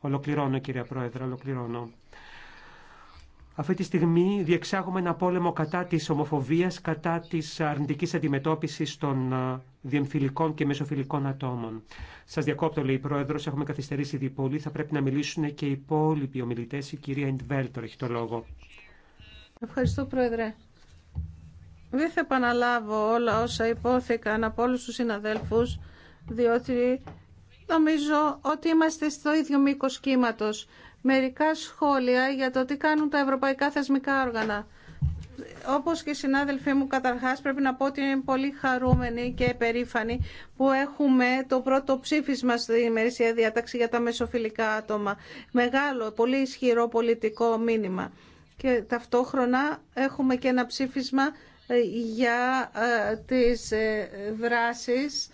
Ολοκληρώνω, κύριε Πρόεδρε, ολοκληρώνω. Αυτή τη στιγμή διεξάγουμε ένα πόλεμο κατά της ομοφοβίας, κατά της αρνητικής αντιμετώπισης των ε, διεμφυλικών και μεσοφιλικών ατόμων. Σας διακόπτω, λέει η Πρόεδρος, έχουμε καθυστερήσει ήδη πολύ. Θα πρέπει να μιλήσουν και οι υπόλοιποι ομιλητές. Η κυρία Ιντβέλτορ έχει το λόγο. Ευχαριστώ, Πρόεδρε. Δεν θα επαναλάβω όλα όσα υπόθηκαν από όλου του συναδέλφου, διότι Νομίζω ότι είμαστε στο ίδιο μήκο κύματο. Μερικά σχόλια για το τι κάνουν τα ευρωπαϊκά θεσμικά όργανα. Όπως και οι συνάδελφοί μου, καταρχάς πρέπει να πω ότι είναι πολύ χαρούμενοι και περήφανοι που έχουμε το πρώτο ψήφισμα στη ημερησία διάταξη για τα μεσοφιλικά άτομα. Μεγάλο, πολύ ισχυρό πολιτικό μήνυμα. Και ταυτόχρονα έχουμε και ένα ψήφισμα ε, για ε, τις ε, δράσεις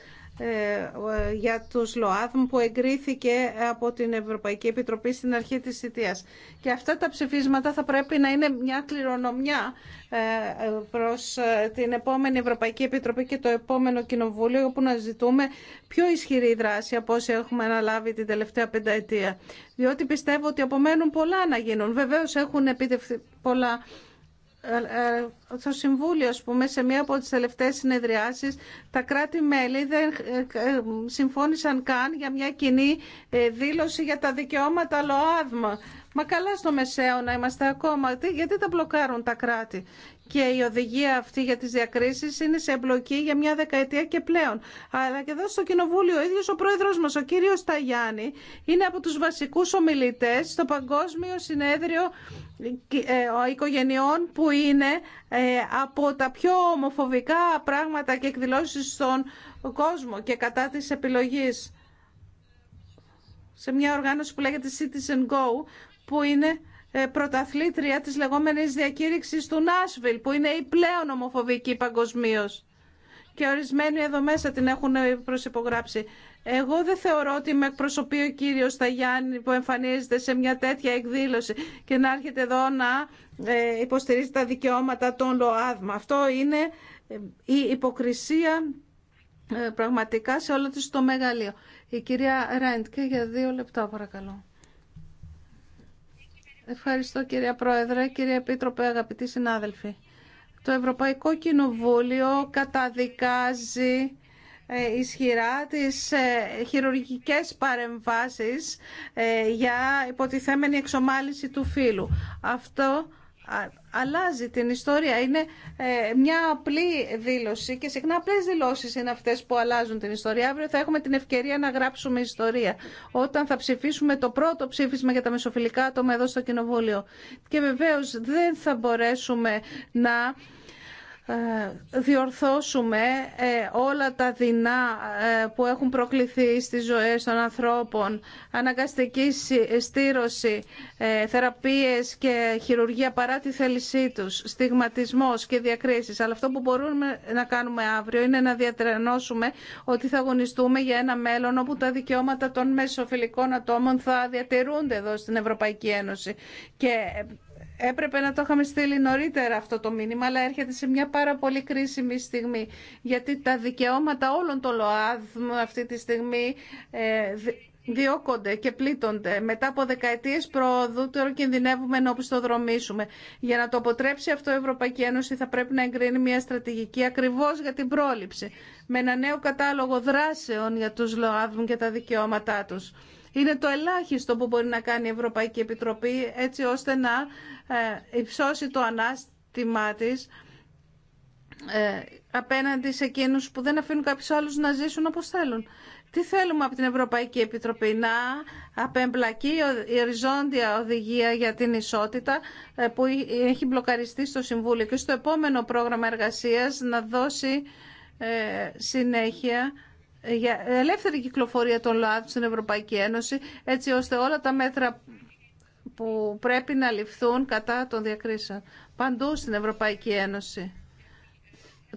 ε, για τους ΛΟΑΔΜ που εγκρίθηκε από την Ευρωπαϊκή Επιτροπή στην αρχή της θητείας. Και αυτά τα ψηφίσματα θα πρέπει να είναι μια κληρονομιά ε, προς ε, την επόμενη Ευρωπαϊκή Επιτροπή και το επόμενο Κοινοβούλιο όπου να ζητούμε πιο ισχυρή δράση από όσοι έχουμε αναλάβει την τελευταία πενταετία. Διότι πιστεύω ότι απομένουν πολλά να γίνουν. Βεβαίως έχουν επιτευχθεί πολλά στο ε, ε, Συμβούλιο, ας πούμε, σε μία από τις τελευταίες συνεδριάσεις, τα κράτη-μέλη δεν ε, συμφώνησαν καν για μια κοινή δήλωση για τα δικαιώματα ΛΟΑΔΜΑ. Μα καλά στο μεσαίο να είμαστε ακόμα. Γιατί τα μπλοκάρουν τα κράτη και η οδηγία αυτή για τις διακρίσεις είναι σε εμπλοκή για μια δεκαετία και πλέον. Αλλά και εδώ στο Κοινοβούλιο, ο ίδιος ο πρόεδρος μας, ο κύριος Ταγιάννη, είναι από τους βασικούς ομιλητές στο Παγκόσμιο Συνέδριο ε, Οικογενειών που είναι ε, από τα πιο ομοφοβικά πράγματα και εκδηλώσεις στον κόσμο και κατά της επιλογής σε μια οργάνωση που λέγεται Citizen Go που είναι ε, πρωταθλήτρια της λεγόμενης διακήρυξης του Νάσβιλ, που είναι η πλέον ομοφοβική παγκοσμίω. Και ορισμένοι εδώ μέσα την έχουν προσυπογράψει. Εγώ δεν θεωρώ ότι με εκπροσωπεί ο κύριο Σταγιάννη που εμφανίζεται σε μια τέτοια εκδήλωση και να έρχεται εδώ να ε, υποστηρίζει τα δικαιώματα των ΛΟΑΔΜΑ. Αυτό είναι ε, η υποκρισία πραγματικά σε όλο τη το μεγαλείο. Η κυρία Ρέντκε για δύο λεπτά παρακαλώ. Ευχαριστώ κυρία Πρόεδρε, κύριε Επίτροπε, αγαπητοί συνάδελφοι. Το Ευρωπαϊκό Κοινοβούλιο καταδικάζει ε, ισχυρά τις ε, χειρουργικές παρεμβάσεις ε, για υποτιθέμενη εξομάλυση του φύλου. Αυτό αλλάζει την ιστορία. Είναι ε, μια απλή δήλωση και συχνά απλέ δηλώσει είναι αυτές που αλλάζουν την ιστορία. Αύριο θα έχουμε την ευκαιρία να γράψουμε ιστορία όταν θα ψηφίσουμε το πρώτο ψήφισμα για τα μεσοφιλικά άτομα εδώ στο Κοινοβούλιο. Και βεβαίως δεν θα μπορέσουμε να ε, διορθώσουμε ε, όλα τα δεινά ε, που έχουν προκληθεί στις ζωές των ανθρώπων, αναγκαστική στήρωση, θεραπείες και χειρουργία παρά τη θέλησή τους, στιγματισμός και διακρίσεις. Αλλά αυτό που μπορούμε να κάνουμε αύριο είναι να διατρενώσουμε ότι θα αγωνιστούμε για ένα μέλλον όπου τα δικαιώματα των μεσοφιλικών ατόμων θα διατηρούνται εδώ στην Ευρωπαϊκή Ένωση. Και Έπρεπε να το είχαμε στείλει νωρίτερα αυτό το μήνυμα, αλλά έρχεται σε μια πάρα πολύ κρίσιμη στιγμή. Γιατί τα δικαιώματα όλων των ΛΟΑΔΜ αυτή τη στιγμή ε, διώκονται και πλήττονται. Μετά από δεκαετίε προόδου, τώρα κινδυνεύουμε να οπισθοδρομήσουμε. Για να το αποτρέψει αυτό η Ευρωπαϊκή Ένωση, θα πρέπει να εγκρίνει μια στρατηγική ακριβώ για την πρόληψη, με ένα νέο κατάλογο δράσεων για του ΛΟΑΔΜ και τα δικαιώματά του. Είναι το ελάχιστο που μπορεί να κάνει η Ευρωπαϊκή Επιτροπή έτσι ώστε να ε, υψώσει το ανάστημά της ε, απέναντι σε εκείνους που δεν αφήνουν κάποιους άλλους να ζήσουν όπως θέλουν. Τι θέλουμε από την Ευρωπαϊκή Επιτροπή να απεμπλακεί η οριζόντια οδηγία για την ισότητα ε, που έχει μπλοκαριστεί στο Συμβούλιο και στο επόμενο πρόγραμμα εργασίας να δώσει συνέχεια για ελεύθερη κυκλοφορία των ΛΟΑΤ στην Ευρωπαϊκή Ένωση, έτσι ώστε όλα τα μέτρα που πρέπει να ληφθούν κατά των διακρίσεων παντού στην Ευρωπαϊκή Ένωση.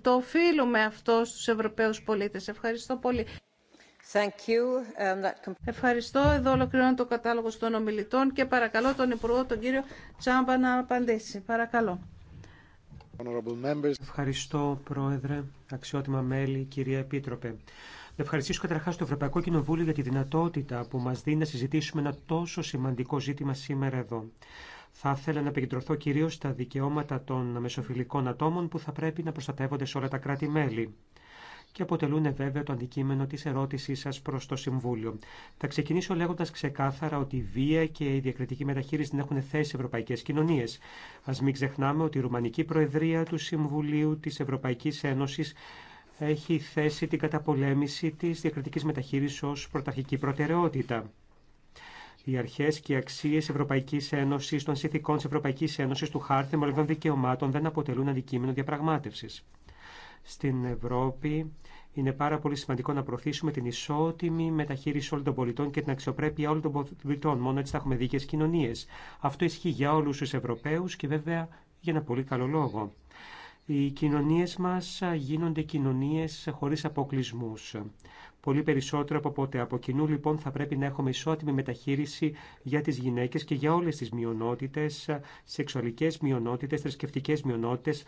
Το οφείλουμε αυτό στους Ευρωπαίους πολίτες. Ευχαριστώ πολύ. Thank you. Um, Ευχαριστώ. Εδώ ολοκληρώνω το κατάλογο των ομιλητών και παρακαλώ τον Υπουργό, τον κύριο Τσάμπα, να απαντήσει. Παρακαλώ. Ευχαριστώ, Πρόεδρε, αξιότιμα μέλη, κυρία Επίτροπε. Να ευχαριστήσω καταρχά το Ευρωπαϊκό Κοινοβούλιο για τη δυνατότητα που μα δίνει να συζητήσουμε ένα τόσο σημαντικό ζήτημα σήμερα εδώ. Θα ήθελα να επικεντρωθώ κυρίω στα δικαιώματα των μεσοφιλικών ατόμων που θα πρέπει να προστατεύονται σε όλα τα κράτη-μέλη και αποτελούν βέβαια το αντικείμενο της ερώτησής σας προς το Συμβούλιο. Θα ξεκινήσω λέγοντας ξεκάθαρα ότι η βία και η διακριτική μεταχείριση δεν έχουν θέση σε ευρωπαϊκές κοινωνίες. Ας μην ξεχνάμε ότι η Ρουμανική Προεδρία του Συμβουλίου της Ευρωπαϊκής Ένωσης έχει θέσει την καταπολέμηση της διακριτικής μεταχείρισης ως πρωταρχική προτεραιότητα. Οι αρχέ και οι αξίε Ευρωπαϊκή Ένωση, των συνθηκών τη Ευρωπαϊκή Ένωση, του Χάρτη Θεμελιωδών Δικαιωμάτων δεν αποτελούν αντικείμενο διαπραγμάτευση. Στην Ευρώπη είναι πάρα πολύ σημαντικό να προωθήσουμε την ισότιμη μεταχείριση όλων των πολιτών και την αξιοπρέπεια όλων των πολιτών. Μόνο έτσι θα έχουμε δίκαιε κοινωνίε. Αυτό ισχύει για όλου του Ευρωπαίου και βέβαια για ένα πολύ καλό λόγο. Οι κοινωνίες μας γίνονται κοινωνίες χωρίς αποκλεισμούς. Πολύ περισσότερο από ποτέ. Από κοινού λοιπόν θα πρέπει να έχουμε ισότιμη μεταχείριση για τις γυναίκες και για όλες τις μειονότητες, σεξουαλικές μειονότητες, θρησκευτικέ μειονότητες,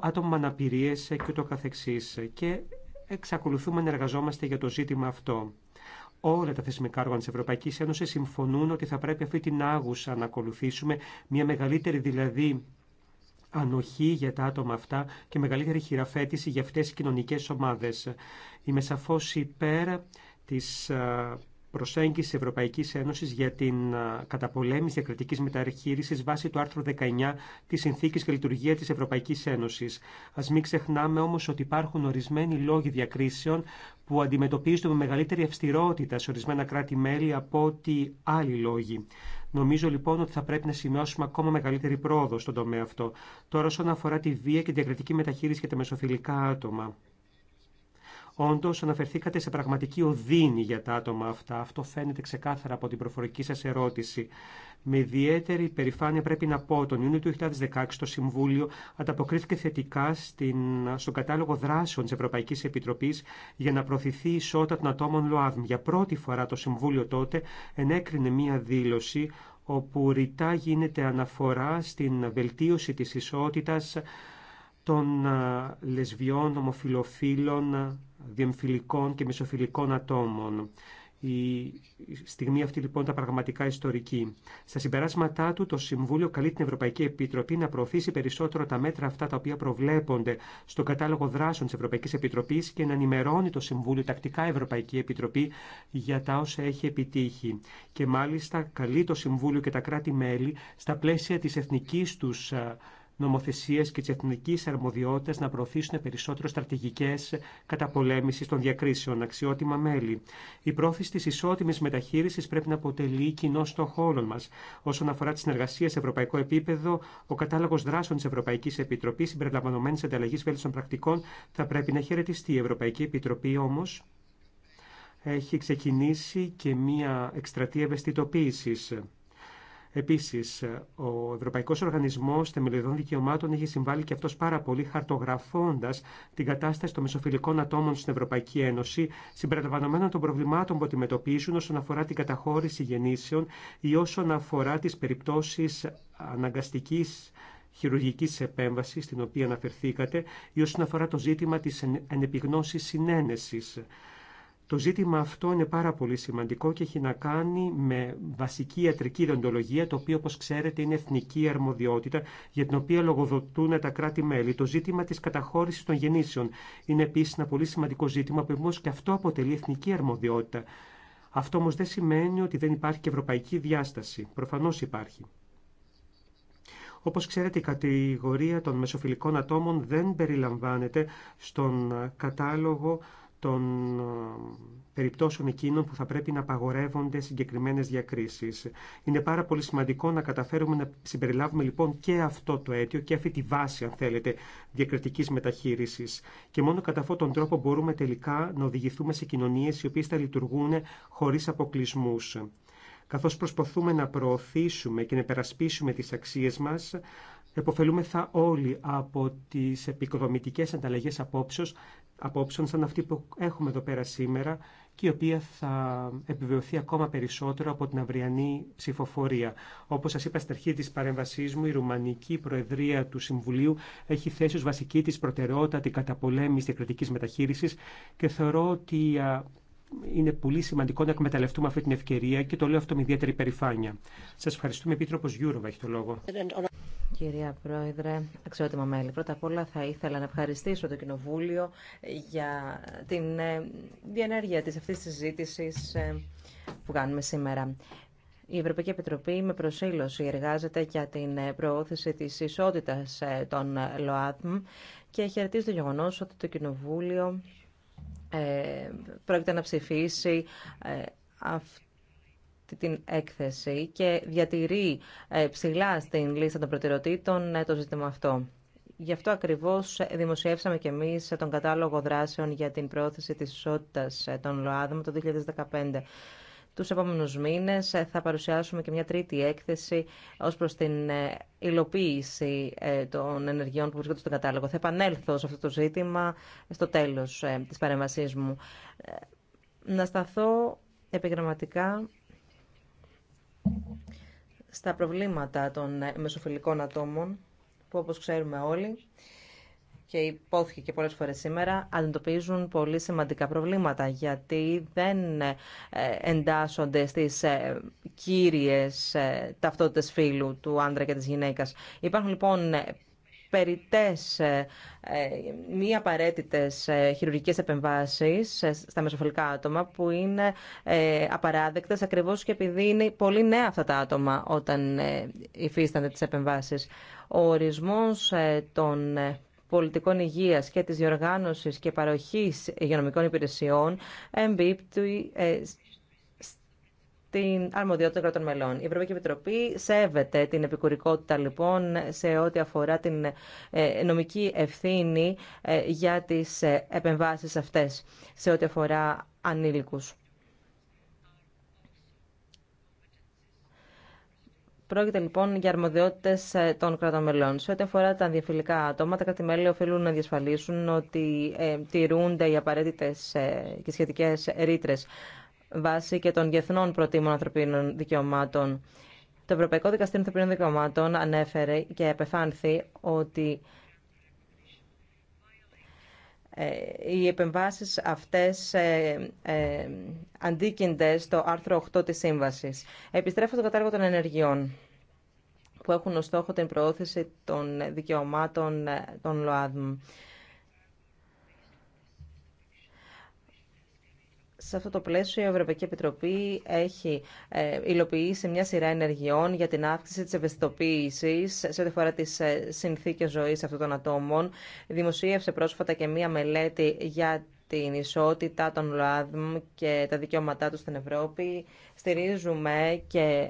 άτομα με αναπηρίες και ούτω καθεξής. Και εξακολουθούμε να εργαζόμαστε για το ζήτημα αυτό. Όλα τα θεσμικά όργανα τη Ευρωπαϊκή Ένωση συμφωνούν ότι θα πρέπει αυτή την άγουσα να ακολουθήσουμε, μια μεγαλύτερη δηλαδή ανοχή για τα άτομα αυτά και μεγαλύτερη χειραφέτηση για αυτές τις κοινωνικές ομάδες. Είμαι σαφώς υπέρ της προσέγγιση Ευρωπαϊκής Ένωσης για την καταπολέμηση διακριτικής μεταρρύθμισης βάσει του άρθρου 19 της Συνθήκης και Λειτουργία της Ευρωπαϊκής Ένωσης. Ας μην ξεχνάμε όμως ότι υπάρχουν ορισμένοι λόγοι διακρίσεων που αντιμετωπίζονται με μεγαλύτερη αυστηρότητα σε ορισμένα κράτη-μέλη από ότι άλλοι λόγοι. Νομίζω λοιπόν ότι θα πρέπει να σημειώσουμε ακόμα μεγαλύτερη πρόοδο στον τομέα αυτό. Τώρα, όσον αφορά τη βία και την διακριτική μεταχείριση για τα μεσοφιλικά άτομα. Όντω, αναφερθήκατε σε πραγματική οδύνη για τα άτομα αυτά. Αυτό φαίνεται ξεκάθαρα από την προφορική σα ερώτηση. Με ιδιαίτερη περηφάνεια πρέπει να πω, τον Ιούνιο του 2016 το Συμβούλιο ανταποκρίθηκε θετικά στην, στον κατάλογο δράσεων τη Ευρωπαϊκή Επιτροπή για να προωθηθεί η ισότητα των ατόμων ΛΟΑΔΜ. Για πρώτη φορά το Συμβούλιο τότε ενέκρινε μία δήλωση όπου ρητά γίνεται αναφορά στην βελτίωση της ισότητας των λεσβιών, ομοφιλοφίλων, διεμφυλικών και μεσοφιλικών ατόμων. Η στιγμή αυτή λοιπόν τα πραγματικά ιστορική. Στα συμπεράσματά του, το Συμβούλιο καλεί την Ευρωπαϊκή Επιτροπή να προωθήσει περισσότερο τα μέτρα αυτά τα οποία προβλέπονται στο κατάλογο δράσεων τη Ευρωπαϊκή Επιτροπή και να ενημερώνει το Συμβούλιο τακτικά Ευρωπαϊκή Επιτροπή για τα όσα έχει επιτύχει. Και μάλιστα καλεί το Συμβούλιο και τα κράτη-μέλη στα πλαίσια τη εθνική του νομοθεσίε και τη εθνική αρμοδιότητα να προωθήσουν περισσότερο στρατηγικές καταπολέμησης των διακρίσεων, αξιότιμα μέλη. Η πρόθεση τη ισότιμη μεταχείριση πρέπει να αποτελεί κοινό στόχο όλων μα. Όσον αφορά τη συνεργασία σε ευρωπαϊκό επίπεδο, ο κατάλογο δράσεων τη Ευρωπαϊκή Επιτροπή, συμπεριλαμβανομένη ανταλλαγή βέλτιστων πρακτικών, θα πρέπει να χαιρετιστεί. Η Ευρωπαϊκή Επιτροπή όμω έχει ξεκινήσει και μία εκστρατεία ευαισθητοποίησης Επίση, ε, ο Ευρωπαϊκό Οργανισμό Θεμελιωδών Δικαιωμάτων έχει συμβάλει και αυτό πάρα πολύ, χαρτογραφώντα την κατάσταση των μεσοφιλικών ατόμων στην Ευρωπαϊκή Ένωση, συμπεριλαμβανομένων των προβλημάτων που αντιμετωπίζουν όσον αφορά την καταχώρηση γεννήσεων ή όσον αφορά τι περιπτώσει αναγκαστική χειρουργική επέμβαση, στην οποία αναφερθήκατε, ή όσον αφορά το ζήτημα τη ενεπιγνώση συνένεση. Το ζήτημα αυτό είναι πάρα πολύ σημαντικό και έχει να κάνει με βασική ιατρική δοντολογία, το οποίο, όπως ξέρετε, είναι εθνική αρμοδιότητα, για την οποία λογοδοτούν τα κράτη-μέλη. Το ζήτημα της καταχώρησης των γεννήσεων είναι επίσης ένα πολύ σημαντικό ζήτημα, που όμως και αυτό αποτελεί εθνική αρμοδιότητα. Αυτό όμως δεν σημαίνει ότι δεν υπάρχει και ευρωπαϊκή διάσταση. Προφανώς υπάρχει. Όπω ξέρετε, η κατηγορία των μεσοφιλικών ατόμων δεν περιλαμβάνεται στον κατάλογο των ε, περιπτώσεων εκείνων που θα πρέπει να απαγορεύονται συγκεκριμένε διακρίσει. Είναι πάρα πολύ σημαντικό να καταφέρουμε να συμπεριλάβουμε λοιπόν και αυτό το αίτιο και αυτή τη βάση, αν θέλετε, διακριτική μεταχείριση. Και μόνο κατά αυτόν τον τρόπο μπορούμε τελικά να οδηγηθούμε σε κοινωνίε οι οποίε θα λειτουργούν χωρί αποκλεισμού. Καθώ προσπαθούμε να προωθήσουμε και να περασπίσουμε τι αξίε μα, Εποφελούμεθα όλοι από τις επικοδομητικές ανταλλαγές απόψεως απόψεων σαν αυτή που έχουμε εδώ πέρα σήμερα και η οποία θα επιβεβαιωθεί ακόμα περισσότερο από την αυριανή ψηφοφορία. Όπως σας είπα στην αρχή της παρέμβασής μου, η Ρουμανική Προεδρία του Συμβουλίου έχει θέσει ως βασική της προτεραιότητα την καταπολέμηση διακριτικής μεταχείρισης και θεωρώ ότι είναι πολύ σημαντικό να εκμεταλλευτούμε αυτή την ευκαιρία και το λέω αυτό με ιδιαίτερη περηφάνεια. Σα ευχαριστούμε, Επίτροπο Γιούροβα, έχει το λόγο. Κυρία Πρόεδρε, αξιότιμα μέλη, πρώτα απ' όλα θα ήθελα να ευχαριστήσω το Κοινοβούλιο για την ε, διενέργεια τη αυτή της συζήτησης ε, που κάνουμε σήμερα. Η Ευρωπαϊκή Επιτροπή με προσήλωση εργάζεται για την ε, προώθηση της ισότητας των ΛΟΑΤΜ και χαιρετίζει το γεγονό ότι το Κοινοβούλιο ε, πρόκειται να ψηφίσει ε, αυτή την έκθεση και διατηρεί ε, ψηλά στην λίστα των προτεραιοτήτων το ζήτημα αυτό. Γι' αυτό ακριβώς δημοσιεύσαμε και εμείς τον κατάλογο δράσεων για την πρόθεση της ισότητας των ΛΟΑΔΜ το 2015. Τους επόμενους μήνες ε, θα παρουσιάσουμε και μια τρίτη έκθεση ως προς την ε, υλοποίηση ε, των ενεργειών που βρίσκονται στον κατάλογο. Θα επανέλθω σε αυτό το ζήτημα στο τέλος της παρέμβασής μου. Να σταθώ επιγραμματικά στα προβλήματα των μεσοφιλικών ατόμων που όπως ξέρουμε όλοι και υπόθηκε και πολλές φορές σήμερα, αντιμετωπίζουν πολύ σημαντικά προβλήματα γιατί δεν ε, εντάσσονται στις ε, κύριες ε, ταυτότητες φύλου του άντρα και της γυναίκας. Υπάρχουν λοιπόν περιτές, μη απαραίτητε χειρουργικές επεμβάσεις στα μεσοφολικά άτομα που είναι απαράδεκτες ακριβώς και επειδή είναι πολύ νέα αυτά τα άτομα όταν υφίστανται τις επεμβάσεις. Ο ορισμός των πολιτικών υγεία και τη διοργάνωση και παροχής υγειονομικών υπηρεσιών εμπίπτει ε, την αρμοδιότητα κρατών μελών. Η Ευρωπαϊκή Επιτροπή σέβεται την επικουρικότητα λοιπόν σε ό,τι αφορά την ε, νομική ευθύνη ε, για τις επεμβάσεις αυτές, σε ό,τι αφορά ανήλικους. Πρόκειται λοιπόν για αρμοδιότητε ε, των κρατών μελών. Σε ό,τι αφορά τα διαφιλικά άτομα, τα κρατημέλη οφείλουν να διασφαλίσουν ότι ε, τηρούνται οι απαραίτητε ε, και σχετικέ ρήτρε βάσει και των διεθνών προτίμων ανθρωπίνων δικαιωμάτων. Το Ευρωπαϊκό Δικαστήριο Ανθρωπίνων Δικαιωμάτων ανέφερε και επεφάνθη ότι ε, οι επεμβάσεις αυτές ε, ε, αντίκυνται στο άρθρο 8 της Σύμβασης. Επιστρέφω στο κατάργο των ενεργειών που έχουν ως στόχο την προώθηση των δικαιωμάτων ε, των ΛΟΑΔΜ. Σε αυτό το πλαίσιο η Ευρωπαϊκή Επιτροπή έχει ε, υλοποιήσει μια σειρά ενεργειών για την αύξηση της ευαισθητοποίησης σε ό,τι φορά τις ε, συνθήκες ζωής αυτών των ατόμων. Δημοσίευσε πρόσφατα και μια μελέτη για την ισότητα των ΛΟΑΔΜ και τα δικαιώματά τους στην Ευρώπη. Στηρίζουμε και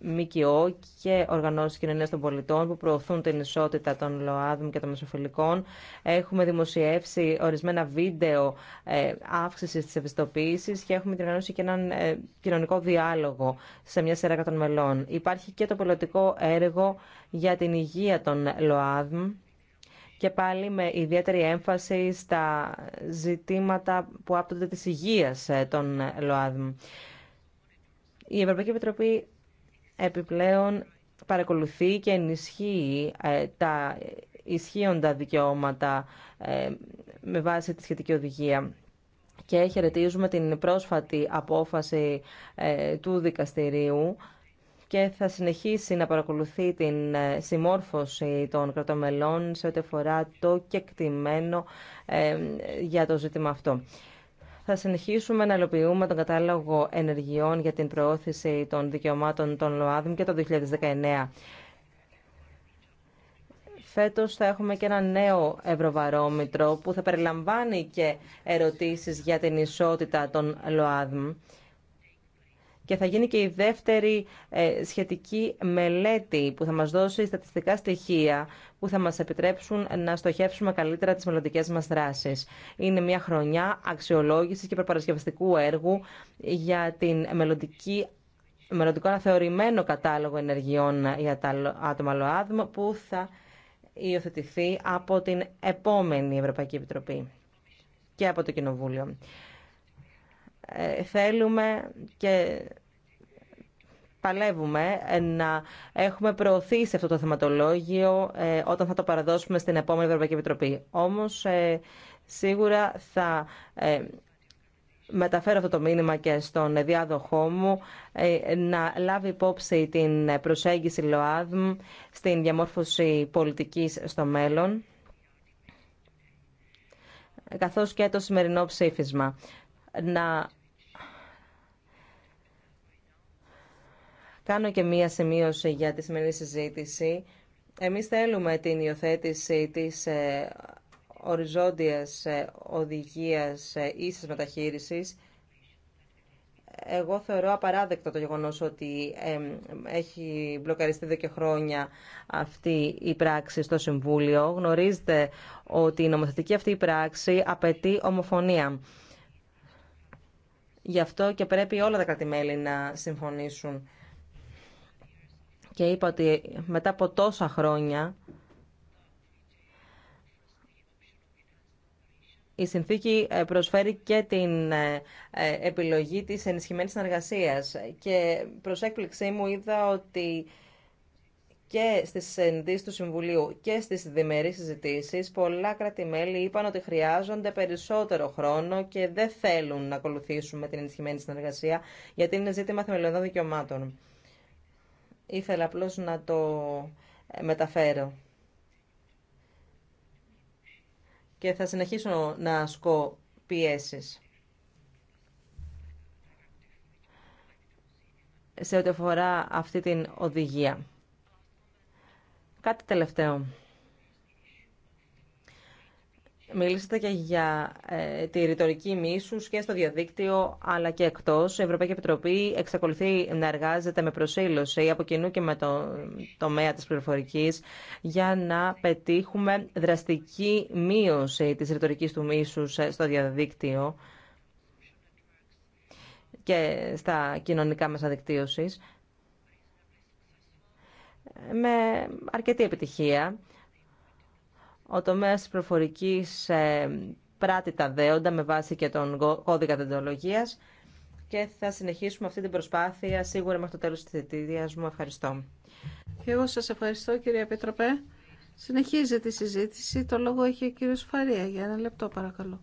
ΜΚΟ και οργανώσει κοινωνία των πολιτών που προωθούν την ισότητα των ΛΟΑΔΜ και των μεσοφιλικών. Έχουμε δημοσιεύσει ορισμένα βίντεο ε, αύξηση τη ευαισθητοποίηση και έχουμε διοργανώσει και έναν ε, κοινωνικό διάλογο σε μια σειρά των μελών. Υπάρχει και το πολιτικό έργο για την υγεία των ΛΟΑΔΜ και πάλι με ιδιαίτερη έμφαση στα ζητήματα που άπτονται της υγείας ε, των ΛΟΑΔΜ. Η Ευρωπαϊκή Επιτροπή επιπλέον παρακολουθεί και ενισχύει ε, τα ισχύοντα δικαιώματα ε, με βάση τη σχετική οδηγία. Και χαιρετίζουμε την πρόσφατη απόφαση ε, του δικαστηρίου και θα συνεχίσει να παρακολουθεί την συμμόρφωση των κρατομελών σε ό,τι αφορά το κεκτημένο για το ζήτημα αυτό θα συνεχίσουμε να υλοποιούμε τον κατάλογο ενεργειών για την προώθηση των δικαιωμάτων των ΛΟΑΔΜ και το 2019. Φέτος θα έχουμε και ένα νέο ευρωβαρόμητρο που θα περιλαμβάνει και ερωτήσεις για την ισότητα των ΛΟΑΔΜ και θα γίνει και η δεύτερη ε, σχετική μελέτη που θα μας δώσει στατιστικά στοιχεία που θα μας επιτρέψουν να στοχεύσουμε καλύτερα τις μελλοντικέ μας δράσεις. Είναι μια χρονιά αξιολόγησης και προπαρασκευαστικού έργου για την μελλοντική μελλοντικό αναθεωρημένο κατάλογο ενεργειών για τα άτομα ΛΟΑΔΜ που θα υιοθετηθεί από την επόμενη Ευρωπαϊκή Επιτροπή και από το Κοινοβούλιο. Ε, θέλουμε και παλεύουμε να έχουμε προωθήσει αυτό το θεματολόγιο ε, όταν θα το παραδώσουμε στην επόμενη Ευρωπαϊκή Επιτροπή. Όμως ε, σίγουρα θα μεταφέρω αυτό το μήνυμα και στον διάδοχό μου να λάβει υπόψη την προσέγγιση ΛΟΑΔΜ στην διαμόρφωση πολιτικής στο μέλλον καθώς και το σημερινό ψήφισμα. Να Κάνω και μία σημείωση για τη σημερινή συζήτηση. Εμείς θέλουμε την υιοθέτηση της ε, οριζόντιας ε, οδηγίας ε, ίσης μεταχείρισης. Εγώ θεωρώ απαράδεκτο το γεγονός ότι έχει μπλοκαριστεί εδώ και χρόνια αυτή η πράξη στο Συμβούλιο. Γνωρίζετε ότι η νομοθετική αυτή πράξη απαιτεί ομοφωνία. Γι' αυτό και πρέπει όλα τα κρατημέλη να συμφωνήσουν και είπα ότι μετά από τόσα χρόνια η συνθήκη ε, προσφέρει και την ε, ε, επιλογή της ενισχυμένης συνεργασίας και προς έκπληξή μου είδα ότι και στις συνδύσεις του Συμβουλίου και στις διμερείς συζητήσει, πολλά κράτη-μέλη είπαν ότι χρειάζονται περισσότερο χρόνο και δεν θέλουν να ακολουθήσουν με την ενισχυμένη συνεργασία γιατί είναι ζήτημα θεμελιωδών δικαιωμάτων. Ήθελα απλώς να το ε, μεταφέρω. Και θα συνεχίσω να ασκώ πιέσεις. σε ό,τι αφορά αυτή την οδηγία. Κάτι τελευταίο. Μιλήσατε και για ε, τη ρητορική μίσους και στο διαδίκτυο αλλά και εκτός. Η Ευρωπαϊκή Επιτροπή εξακολουθεί να εργάζεται με προσήλωση από κοινού και με το τομέα της πληροφορικής για να πετύχουμε δραστική μείωση της ρητορική του μίσους ε, στο διαδίκτυο και στα κοινωνικά μέσα δικτύωσης με αρκετή επιτυχία. Ο τομέας της προφορικής ε, πράττει τα δέοντα με βάση και τον κώδικα δεντολογίας και θα συνεχίσουμε αυτή την προσπάθεια σίγουρα μέχρι το τέλος της θητεία μου. Ευχαριστώ. Και εγώ σας ευχαριστώ κύριε Επίτροπε. Συνεχίζεται η συζήτηση. Το λόγο έχει ο κύριο Φαρία. Για ένα λεπτό παρακαλώ.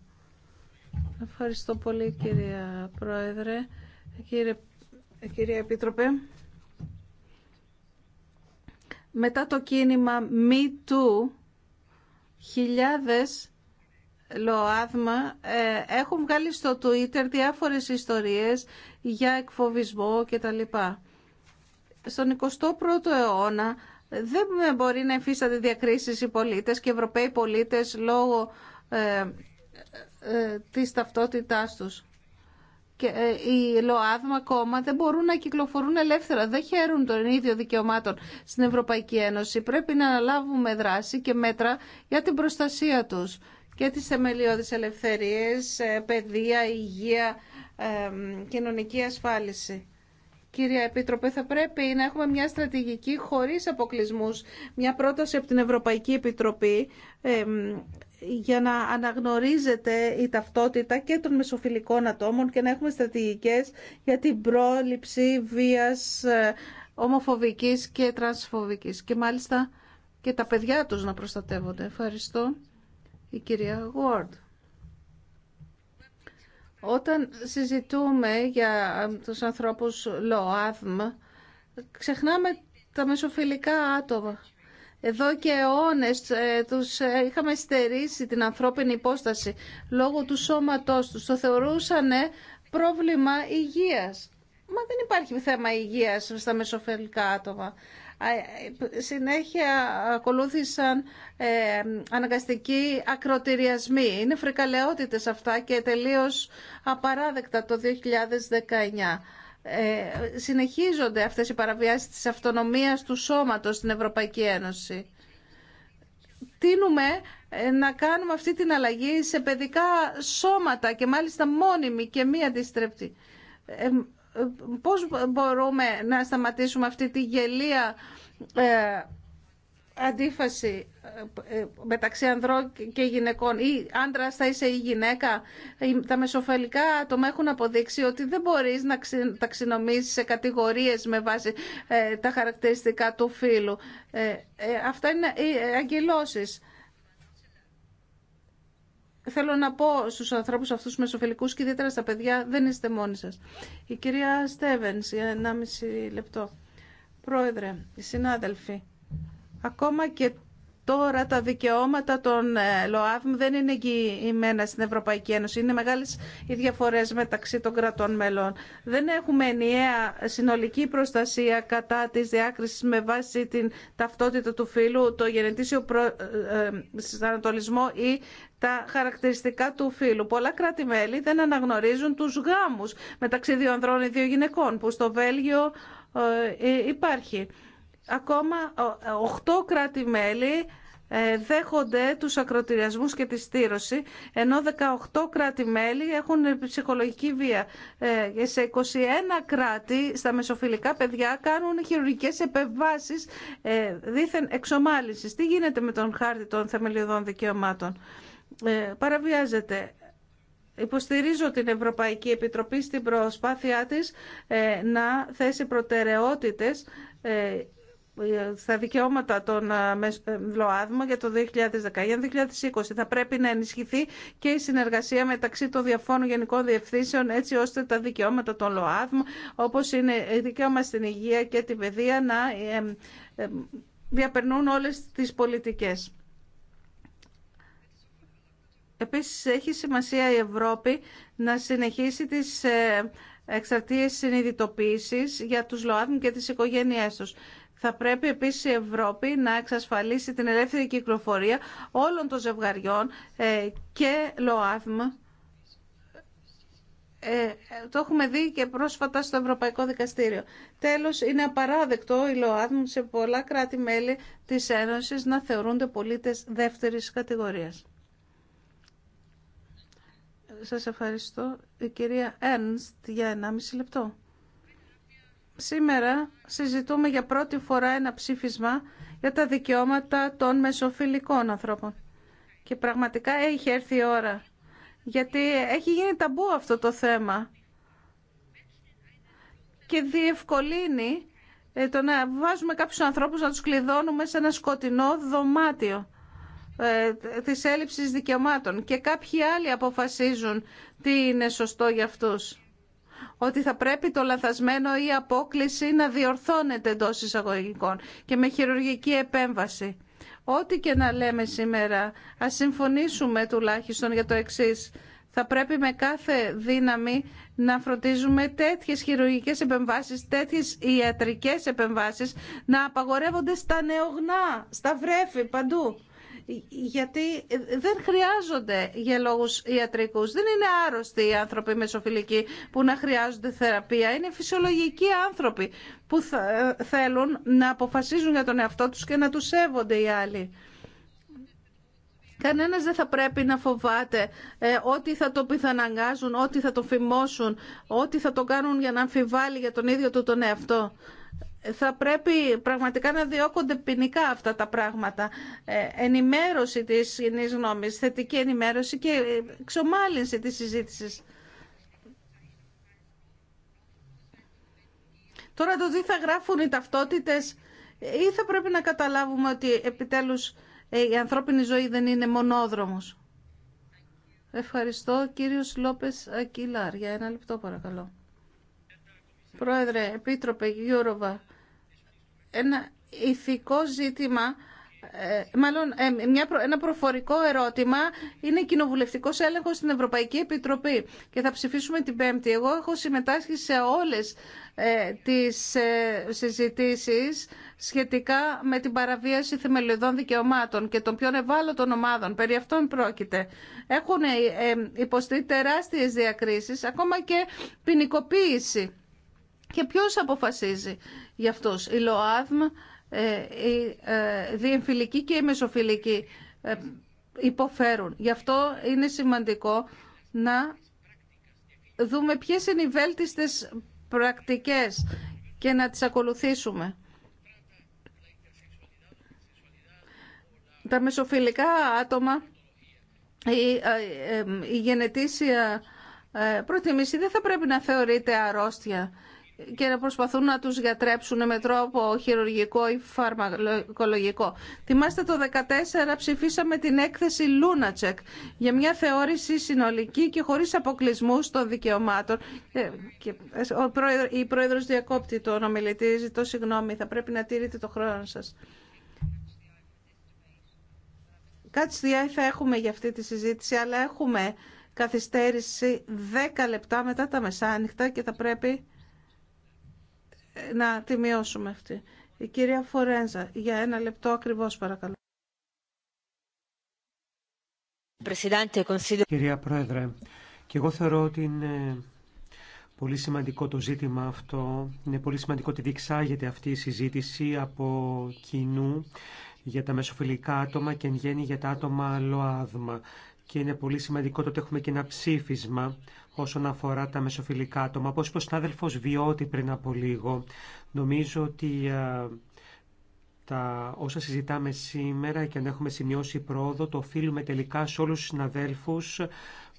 Ευχαριστώ πολύ κυρία Πρόεδρε. Κύριε, Επίτροπε. Μετά το κίνημα Me Too, χιλιάδες ΛΟΑΔΜΑ ε, έχουν βγάλει στο Twitter διάφορες ιστορίες για εκφοβισμό κτλ. Στον 21ο αιώνα δεν μπορεί να εμφίσταται διακρίσεις οι πολίτες και οι Ευρωπαίοι πολίτες λόγω ε, ε, της ταυτότητάς τους και ε, οι ΛΟΑΔΜΑ ακόμα δεν μπορούν να κυκλοφορούν ελεύθερα, δεν χαίρουν των ίδιο δικαιωμάτων στην Ευρωπαϊκή Ένωση. Πρέπει να αναλάβουμε δράση και μέτρα για την προστασία τους και τις θεμελιώδεις ελευθερίες, ε, παιδεία, υγεία, ε, κοινωνική ασφάλιση. Κύριε Επίτροπε, θα πρέπει να έχουμε μια στρατηγική χωρίς αποκλεισμούς, μια πρόταση από την Ευρωπαϊκή Επιτροπή για να αναγνωρίζεται η ταυτότητα και των μεσοφιλικών ατόμων και να έχουμε στρατηγικές για την πρόληψη βίας ε, ομοφοβικής και τρανσφοβικής και μάλιστα και τα παιδιά τους να προστατεύονται. Ευχαριστώ η κυρία Γουόρντ. Όταν συζητούμε για ε, τους ανθρώπους ΛΟΑΔΜ, ξεχνάμε τα μεσοφιλικά άτομα εδώ και αιώνες ε, τους ε, είχαμε στερήσει την ανθρώπινη υπόσταση λόγω του σώματός του. Το θεωρούσαν πρόβλημα υγείας. Μα δεν υπάρχει θέμα υγεία στα μεσοφελικά άτομα. Ε, συνέχεια ακολούθησαν ε, αναγκαστικοί ακροτηριασμοί. Είναι φρικαλαιότητες αυτά και τελείως απαράδεκτα το 2019. Ε, συνεχίζονται αυτές οι παραβιάσεις της αυτονομίας του σώματος στην Ευρωπαϊκή Ένωση. Τίνουμε ε, να κάνουμε αυτή την αλλαγή σε παιδικά σώματα και μάλιστα μόνιμη και μη αντιστρεπτή. Ε, πώς μπορούμε να σταματήσουμε αυτή τη γελία ε, αντίφαση μεταξύ ανδρών και γυναικών ή άντρα θα είσαι η γυναίκα. Τα μεσοφελικά άτομα έχουν αποδείξει ότι δεν μπορείς να ταξινομήσεις σε κατηγορίες με βάση ε, τα χαρακτηριστικά του φύλου. Ε, ε, αυτά είναι οι αγγελώσεις. Θέλω να πω στους ανθρώπους αυτούς τους μεσοφελικούς και ιδιαίτερα στα παιδιά, δεν είστε μόνοι σας. Η κυρία Στέβενς, για 1,5 λεπτό. Πρόεδρε, συνάδελφοι, ακόμα και Τώρα τα δικαιώματα των ε, ΛΟΑΔΜ δεν είναι εγγυημένα στην Ευρωπαϊκή Ένωση. Είναι μεγάλες οι διαφορές μεταξύ των κρατών μελών. Δεν έχουμε ενιαία συνολική προστασία κατά της διάκρισης με βάση την ταυτότητα του φύλου, το γενετήσιο προ... Ε, ε, συνανατολισμό ή τα χαρακτηριστικά του φύλου. Πολλά κράτη-μέλη δεν αναγνωρίζουν τους γάμους μεταξύ δύο ανδρών ή δύο γυναικών, που στο Βέλγιο υπάρχει. Ακόμα 8 κράτη-μέλη ε, δέχονται τους ακροτηριασμούς και τη στήρωση, ενώ 18 κράτη-μέλη έχουν ψυχολογική βία. Ε, σε 21 κράτη στα μεσοφιλικά παιδιά κάνουν χειρουργικές επεμβάσεις ε, δίθεν εξομάλυσης. Τι γίνεται με τον χάρτη των θεμελιωδών δικαιωμάτων. Παραβιάζεται. Υποστηρίζω την Ευρωπαϊκή Επιτροπή στην προσπάθειά της να θέσει προτεραιότητες στα δικαιώματα των ε, ε, ΛΟΑΔΜΟ για το 2019 2020 θα πρέπει να ενισχυθεί και η συνεργασία μεταξύ των διαφόρων γενικών διευθύνσεων έτσι ώστε τα δικαιώματα των ΛΟΑΔΜΟ όπως είναι δικαίωμα στην υγεία και την παιδεία να ε, διαπερνούν όλε τις πολιτικές. Επίσης έχει σημασία η Ευρώπη να συνεχίσει τις εξαρτίε συνειδητοποίηση για του ΛΟΑΔΜΟ και τι οικογένειε του. Θα πρέπει επίσης η Ευρώπη να εξασφαλίσει την ελεύθερη κυκλοφορία όλων των ζευγαριών ε, και ΛΟΑΔΜ. Ε, το έχουμε δει και πρόσφατα στο Ευρωπαϊκό Δικαστήριο. Τέλος, είναι απαράδεκτο η ΛΟΑΔΜ σε πολλά κράτη-μέλη της Ένωσης να θεωρούνται πολίτες δεύτερης κατηγορίας. Σας ευχαριστώ. Η κυρία Ένστ για 1,5 λεπτό. Σήμερα συζητούμε για πρώτη φορά ένα ψήφισμα για τα δικαιώματα των μεσοφιλικών ανθρώπων. Και πραγματικά έχει έρθει η ώρα. Γιατί έχει γίνει ταμπού αυτό το θέμα. Και διευκολύνει ε, το να βάζουμε κάποιους ανθρώπους να τους κλειδώνουμε σε ένα σκοτεινό δωμάτιο ε, της έλλειψης δικαιωμάτων. Και κάποιοι άλλοι αποφασίζουν τι είναι σωστό για αυτούς ότι θα πρέπει το λανθασμένο ή απόκληση να διορθώνεται εντό εισαγωγικών και με χειρουργική επέμβαση. Ό,τι και να λέμε σήμερα, ας συμφωνήσουμε τουλάχιστον για το εξής. Θα πρέπει με κάθε δύναμη να φροντίζουμε τέτοιες χειρουργικές επεμβάσεις, τέτοιες ιατρικές επεμβάσεις να απαγορεύονται στα νεογνά, στα βρέφη, παντού γιατί ε, δεν χρειάζονται για λόγους ιατρικούς. Δεν είναι άρρωστοι οι άνθρωποι μεσοφιλικοί που να χρειάζονται θεραπεία. Είναι φυσιολογικοί άνθρωποι που ε, θέλουν να αποφασίζουν για τον εαυτό τους και να τους σέβονται οι άλλοι. Κανένας δεν θα πρέπει να φοβάται ε, ότι θα το πιθαναγκάζουν, ότι θα το φημώσουν, ότι θα το κάνουν για να αμφιβάλλει για τον ίδιο του τον εαυτό θα πρέπει πραγματικά να διώκονται ποινικά αυτά τα πράγματα. Ε, ενημέρωση της κοινή γνώμης, θετική ενημέρωση και εξομάλυνση της συζήτησης. Τώρα το τι θα γράφουν οι ταυτότητες ή θα πρέπει να καταλάβουμε ότι επιτέλους ε, η ανθρώπινη ζωή δεν είναι μονόδρομος. Ευχαριστώ κύριος Λόπες Ακυλάρ. Για ένα λεπτό παρακαλώ. Πρόεδρε, Επίτροπε Γιώροβα, ένα ηθικό ζήτημα, ε, μάλλον ε, μια, ένα προφορικό ερώτημα, είναι κοινοβουλευτικό έλεγχο στην Ευρωπαϊκή Επιτροπή. Και θα ψηφίσουμε την Πέμπτη. Εγώ έχω συμμετάσχει σε όλε τι ε, συζητήσει σχετικά με την παραβίαση θεμελιωδών δικαιωμάτων και των πιο ευάλωτων ομάδων. Περί αυτών πρόκειται. Έχουν υποστεί τεράστιες διακρίσεις, ακόμα και ποινικοποίηση και ποιος αποφασίζει για αυτός. η ΛΟΑΔΜ, η ε, ε, διεμφυλική και η μεσοφυλική ε, υποφέρουν. Γι' αυτό είναι σημαντικό να δούμε ποιες είναι οι βέλτιστες πρακτικές και να τις ακολουθήσουμε. Τα μεσοφιλικά άτομα, η, η γενετήσια προτιμήση δεν θα πρέπει να θεωρείται αρρώστια και να προσπαθούν να τους γιατρέψουν με τρόπο χειρουργικό ή φαρμακολογικό. Θυμάστε το 2014 ψηφίσαμε την έκθεση Λούνατσεκ για μια θεώρηση συνολική και χωρίς αποκλεισμού των δικαιωμάτων. Ε, και ο πρόεδρο, η πρόεδρος διακόπτη τον ομιλητή, ζητώ συγγνώμη, θα πρέπει να τηρείτε το χρόνο σας. Κάτι στη θα έχουμε για αυτή τη συζήτηση, αλλά έχουμε καθυστέρηση 10 λεπτά μετά τα μεσάνυχτα και θα πρέπει ε, να τη μειώσουμε αυτή. Η κυρία Φορένζα, για ένα λεπτό ακριβώς παρακαλώ. Κυρία Πρόεδρε, και εγώ θεωρώ ότι είναι πολύ σημαντικό το ζήτημα αυτό. Είναι πολύ σημαντικό ότι διεξάγεται αυτή η συζήτηση από κοινού για τα μεσοφιλικά άτομα και εν γέννη για τα άτομα ΛΟΑΔΜΑ και είναι πολύ σημαντικό το ότι έχουμε και ένα ψήφισμα όσον αφορά τα μεσοφιλικά άτομα. Όπως είπε ο συνάδελφος Βιώτη πριν από λίγο, νομίζω ότι τα όσα συζητάμε σήμερα και αν έχουμε σημειώσει πρόοδο, το οφείλουμε τελικά σε όλους τους συναδέλφους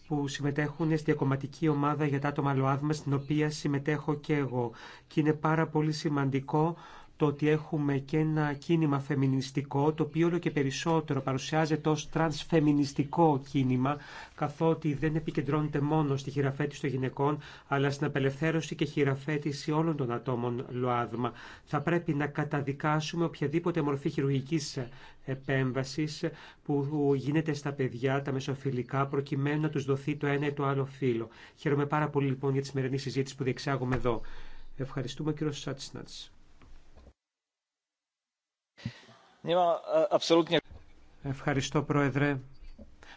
που συμμετέχουν στη διακομματική ομάδα για τα άτομα ΛΟΑΔΜΑ, στην οποία συμμετέχω και εγώ. Και είναι πάρα πολύ σημαντικό το ότι έχουμε και ένα κίνημα φεμινιστικό, το οποίο όλο και περισσότερο παρουσιάζεται ως τρανσφεμινιστικό κίνημα, καθότι δεν επικεντρώνεται μόνο στη χειραφέτηση των γυναικών, αλλά στην απελευθέρωση και χειραφέτηση όλων των ατόμων ΛΟΑΔΜΑ. Θα πρέπει να καταδικάσουμε οποιαδήποτε μορφή χειρουργικής επέμβασης που γίνεται στα παιδιά, τα μεσοφιλικά, προκειμένου να τους δοθεί το ένα ή το άλλο φύλλο. Χαίρομαι πάρα πολύ λοιπόν για τη σημερινή συζήτηση που διεξάγουμε εδώ. Ευχαριστούμε κύριο Σάτσνατς. Ε, Ευχαριστώ, Πρόεδρε.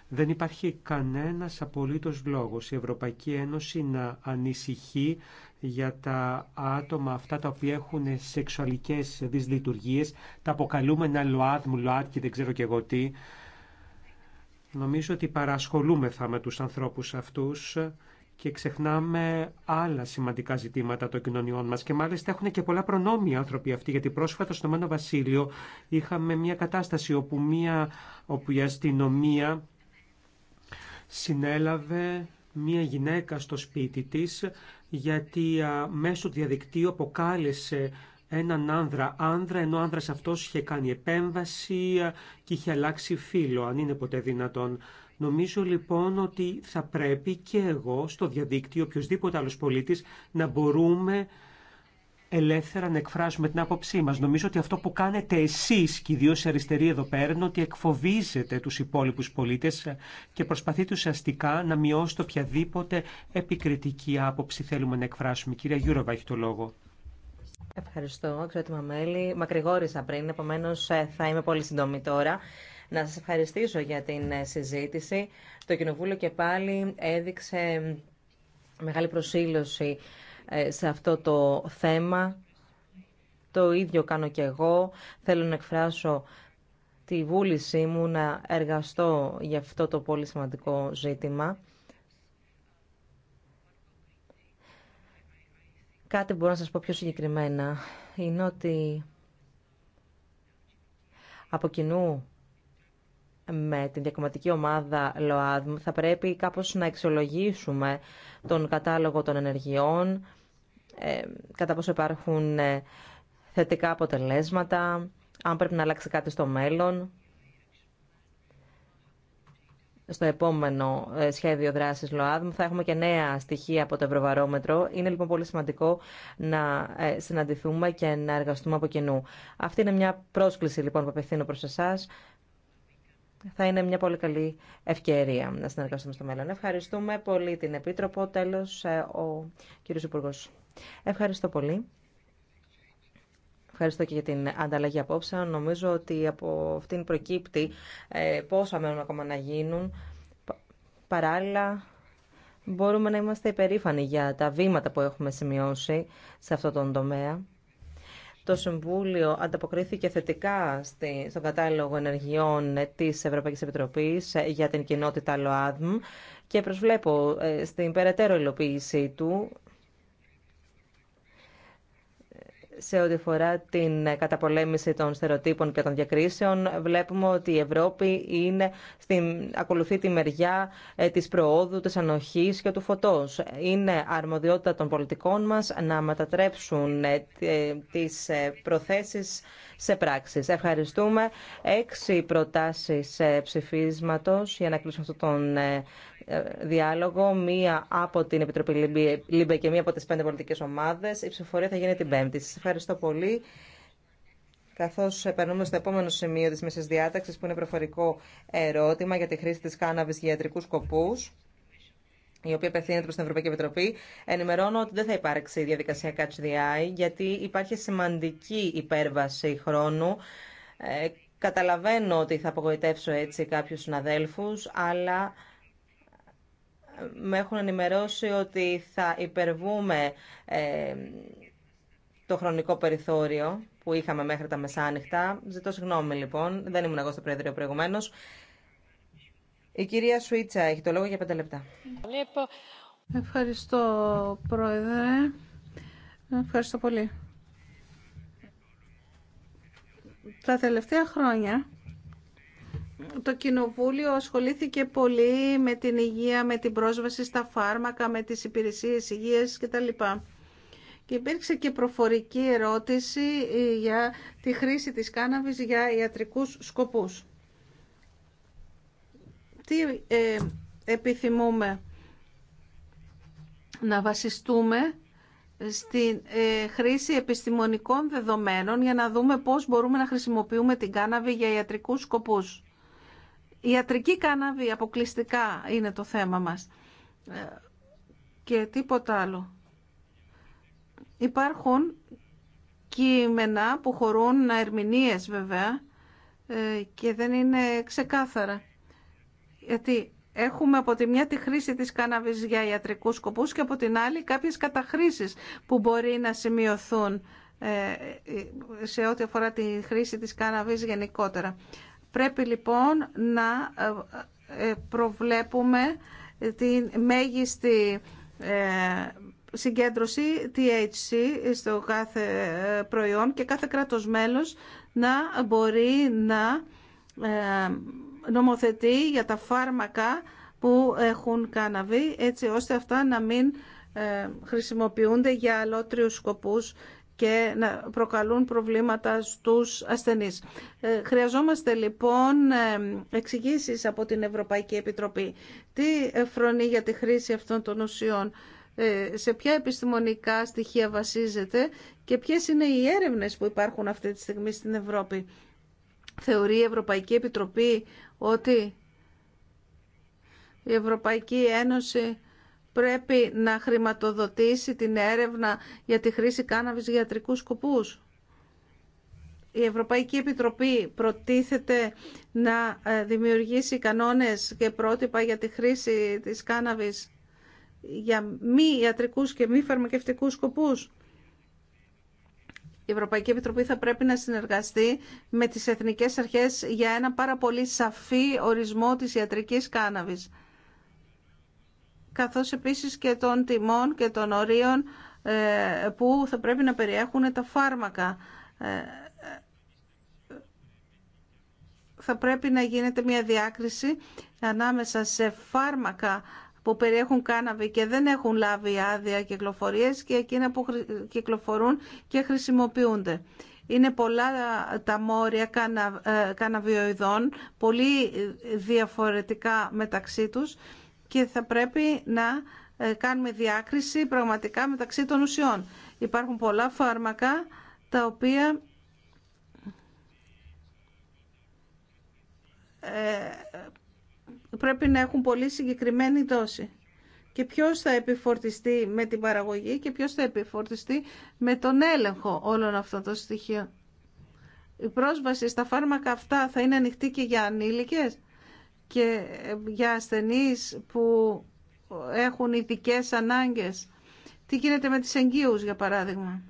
Δεν υπάρχει κανένας απολύτως λόγος η Ευρωπαϊκή Ένωση να ανησυχεί για τα άτομα αυτά τα οποία έχουν σεξουαλικές δυσλειτουργίες, τα αποκαλούμενα ΛΟΑΤ, ΜΛΟΑΤ και δεν ξέρω και εγώ τι. Νομίζω ότι παρασχολούμεθα με τους ανθρώπους αυτούς και ξεχνάμε άλλα σημαντικά ζητήματα των κοινωνιών μας και μάλιστα έχουν και πολλά προνόμια άνθρωποι αυτοί γιατί πρόσφατα στο Μένο Βασίλειο είχαμε μια κατάσταση όπου, μια, όπου η αστυνομία συνέλαβε μια γυναίκα στο σπίτι της γιατί μέσω διαδικτύου αποκάλεσε έναν άνδρα άνδρα, ενώ ο άνδρας αυτός είχε κάνει επέμβαση και είχε αλλάξει φίλο, αν είναι ποτέ δυνατόν. Νομίζω λοιπόν ότι θα πρέπει και εγώ στο διαδίκτυο, οποιοδήποτε άλλο πολίτη να μπορούμε ελεύθερα να εκφράζουμε την άποψή μας. Νομίζω ότι αυτό που κάνετε εσείς και οι αριστεροί εδώ πέρα είναι ότι εκφοβίζετε τους υπόλοιπους πολίτες και προσπαθείτε ουσιαστικά να μειώσετε οποιαδήποτε επικριτική άποψη θέλουμε να εκφράσουμε. Κυρία Γιούροβα έχει το λόγο. Ευχαριστώ, εξαιρετικά μέλη. Μακρηγόρησα πριν, επομένω ε, θα είμαι πολύ συντομή τώρα. Να σας ευχαριστήσω για την ε, συζήτηση. Το Κοινοβούλιο και πάλι έδειξε μεγάλη προσήλωση ε, σε αυτό το θέμα. Το ίδιο κάνω και εγώ. Θέλω να εκφράσω τη βούλησή μου να εργαστώ για αυτό το πολύ σημαντικό ζήτημα. Κάτι μπορώ να σας πω πιο συγκεκριμένα είναι ότι από κοινού με την διακομματική ομάδα ΛΟΑΔΜ θα πρέπει κάπως να εξολογήσουμε τον κατάλογο των ενεργειών, ε, κατά πόσο υπάρχουν ε, θετικά αποτελέσματα, αν πρέπει να αλλάξει κάτι στο μέλλον, στο επόμενο ε, σχέδιο δράσης ΛΟΑΔΜ. Θα έχουμε και νέα στοιχεία από το Ευρωβαρόμετρο. Είναι λοιπόν πολύ σημαντικό να συναντηθούμε και να εργαστούμε από κοινού. Αυτή είναι μια πρόσκληση λοιπόν που απευθύνω προς εσάς θα είναι μια πολύ καλή ευκαιρία να συνεργαστούμε στο μέλλον. Ευχαριστούμε πολύ την Επίτροπο. Τέλος, ε, ο κύριος Υπουργό. Ευχαριστώ πολύ. Ευχαριστώ και για την ανταλλαγή απόψε. Νομίζω ότι από αυτήν προκύπτει ε, πόσα μένουν ακόμα να γίνουν. Παράλληλα, μπορούμε να είμαστε υπερήφανοι για τα βήματα που έχουμε σημειώσει σε αυτόν τον τομέα το Συμβούλιο ανταποκρίθηκε θετικά στη, στον κατάλογο ενεργειών ε, της Ευρωπαϊκής Επιτροπής ε, για την κοινότητα ΛΟΑΔΜ και προσβλέπω ε, στην περαιτέρω υλοποίησή του σε ό,τι φορά την καταπολέμηση των στερεοτύπων και των διακρίσεων, βλέπουμε ότι η Ευρώπη είναι στην, ακολουθεί τη μεριά ε, της προόδου, της ανοχής και του φωτός. Είναι αρμοδιότητα των πολιτικών μας να μετατρέψουν ε, τις ε, προθέσεις σε πράξεις. Ευχαριστούμε. Έξι προτάσεις ψηφίσματος για να κλείσουμε αυτόν τον ε, διάλογο, μία από την Επιτροπή Λίμπε και μία από τις πέντε πολιτικές ομάδες. Η ψηφοφορία θα γίνει την Πέμπτη. Σας ευχαριστώ πολύ. Καθώς περνούμε στο επόμενο σημείο τη μέση διάταξη που είναι προφορικό ερώτημα για τη χρήση τη Κάναβη για ιατρικού σκοπού, η οποία απευθύνεται προ την Ευρωπαϊκή Επιτροπή, ενημερώνω ότι δεν θα υπάρξει διαδικασία Catch the Eye, γιατί υπάρχει σημαντική υπέρβαση χρόνου. Ε, καταλαβαίνω ότι θα απογοητεύσω έτσι κάποιου συναδέλφου, αλλά με έχουν ενημερώσει ότι θα υπερβούμε ε, το χρονικό περιθώριο που είχαμε μέχρι τα μεσάνυχτα. Ζητώ συγγνώμη λοιπόν, δεν ήμουν εγώ στο Προεδρείο προηγουμένω. Η κυρία Σουίτσα έχει το λόγο για πέντε λεπτά. Ευχαριστώ Πρόεδρε. Ευχαριστώ πολύ. Τα τελευταία χρόνια το Κοινοβούλιο ασχολήθηκε πολύ με την υγεία, με την πρόσβαση στα φάρμακα, με τις υπηρεσίες υγείας κτλ. Και υπήρξε και προφορική ερώτηση ε, για τη χρήση της κάναβης για ιατρικούς σκοπούς. Τι ε, επιθυμούμε να βασιστούμε στη ε, χρήση επιστημονικών δεδομένων για να δούμε πώς μπορούμε να χρησιμοποιούμε την κάναβη για ιατρικούς σκοπούς. Η ιατρική κάναβη αποκλειστικά είναι το θέμα μας ε, και τίποτα άλλο. Υπάρχουν κείμενα που χωρούν ερμηνείες βέβαια ε, και δεν είναι ξεκάθαρα. Γιατί έχουμε από τη μια τη χρήση της κάναβης για ιατρικούς σκοπούς και από την άλλη κάποιες καταχρήσεις που μπορεί να σημειωθούν ε, σε ό,τι αφορά τη χρήση της κάναβης γενικότερα. Πρέπει λοιπόν να ε, ε, προβλέπουμε τη μέγιστη ε, συγκέντρωση THC στο κάθε προϊόν και κάθε κράτος μέλος να μπορεί να νομοθετεί για τα φάρμακα που έχουν κάναβη έτσι ώστε αυτά να μην χρησιμοποιούνται για αλότριους σκοπούς και να προκαλούν προβλήματα στους ασθενείς. Ε, χρειαζόμαστε λοιπόν ε, εξηγήσει από την Ευρωπαϊκή Επιτροπή. Τι ε, φρονεί για τη χρήση αυτών των ουσιών, σε ποια επιστημονικά στοιχεία βασίζεται και ποιες είναι οι έρευνες που υπάρχουν αυτή τη στιγμή στην Ευρώπη. Θεωρεί η Ευρωπαϊκή Επιτροπή ότι η Ευρωπαϊκή Ένωση πρέπει να χρηματοδοτήσει την έρευνα για τη χρήση κάναβης για ιατρικούς σκοπούς. Η Ευρωπαϊκή Επιτροπή προτίθεται να ε, δημιουργήσει κανόνες και πρότυπα για τη χρήση της κάναβης για μη ιατρικούς και μη φαρμακευτικούς σκοπούς. Η Ευρωπαϊκή Επιτροπή θα πρέπει να συνεργαστεί με τις εθνικές αρχές για ένα πάρα πολύ σαφή ορισμό της ιατρικής κάναβης καθώς επίσης και των τιμών και των ορίων ε, που θα πρέπει να περιέχουν τα φάρμακα. Ε, ε, θα πρέπει να γίνεται μια διάκριση ανάμεσα σε φάρμακα που περιέχουν κάναβη και δεν έχουν λάβει άδεια κυκλοφορίες και εκείνα που κυκλοφορούν και χρησιμοποιούνται. Είναι πολλά τα μόρια καναβιοειδών, πολύ διαφορετικά μεταξύ τους και θα πρέπει να ε, κάνουμε διάκριση πραγματικά μεταξύ των ουσιών. Υπάρχουν πολλά φάρμακα τα οποία ε, πρέπει να έχουν πολύ συγκεκριμένη δόση. Και ποιος θα επιφορτιστεί με την παραγωγή και ποιος θα επιφορτιστεί με τον έλεγχο όλων αυτών των στοιχείων. Η πρόσβαση στα φάρμακα αυτά θα είναι ανοιχτή και για ανήλικες και ε, για ασθενείς που έχουν ειδικέ ανάγκες. Τι γίνεται με τις εγγύους, για παράδειγμα.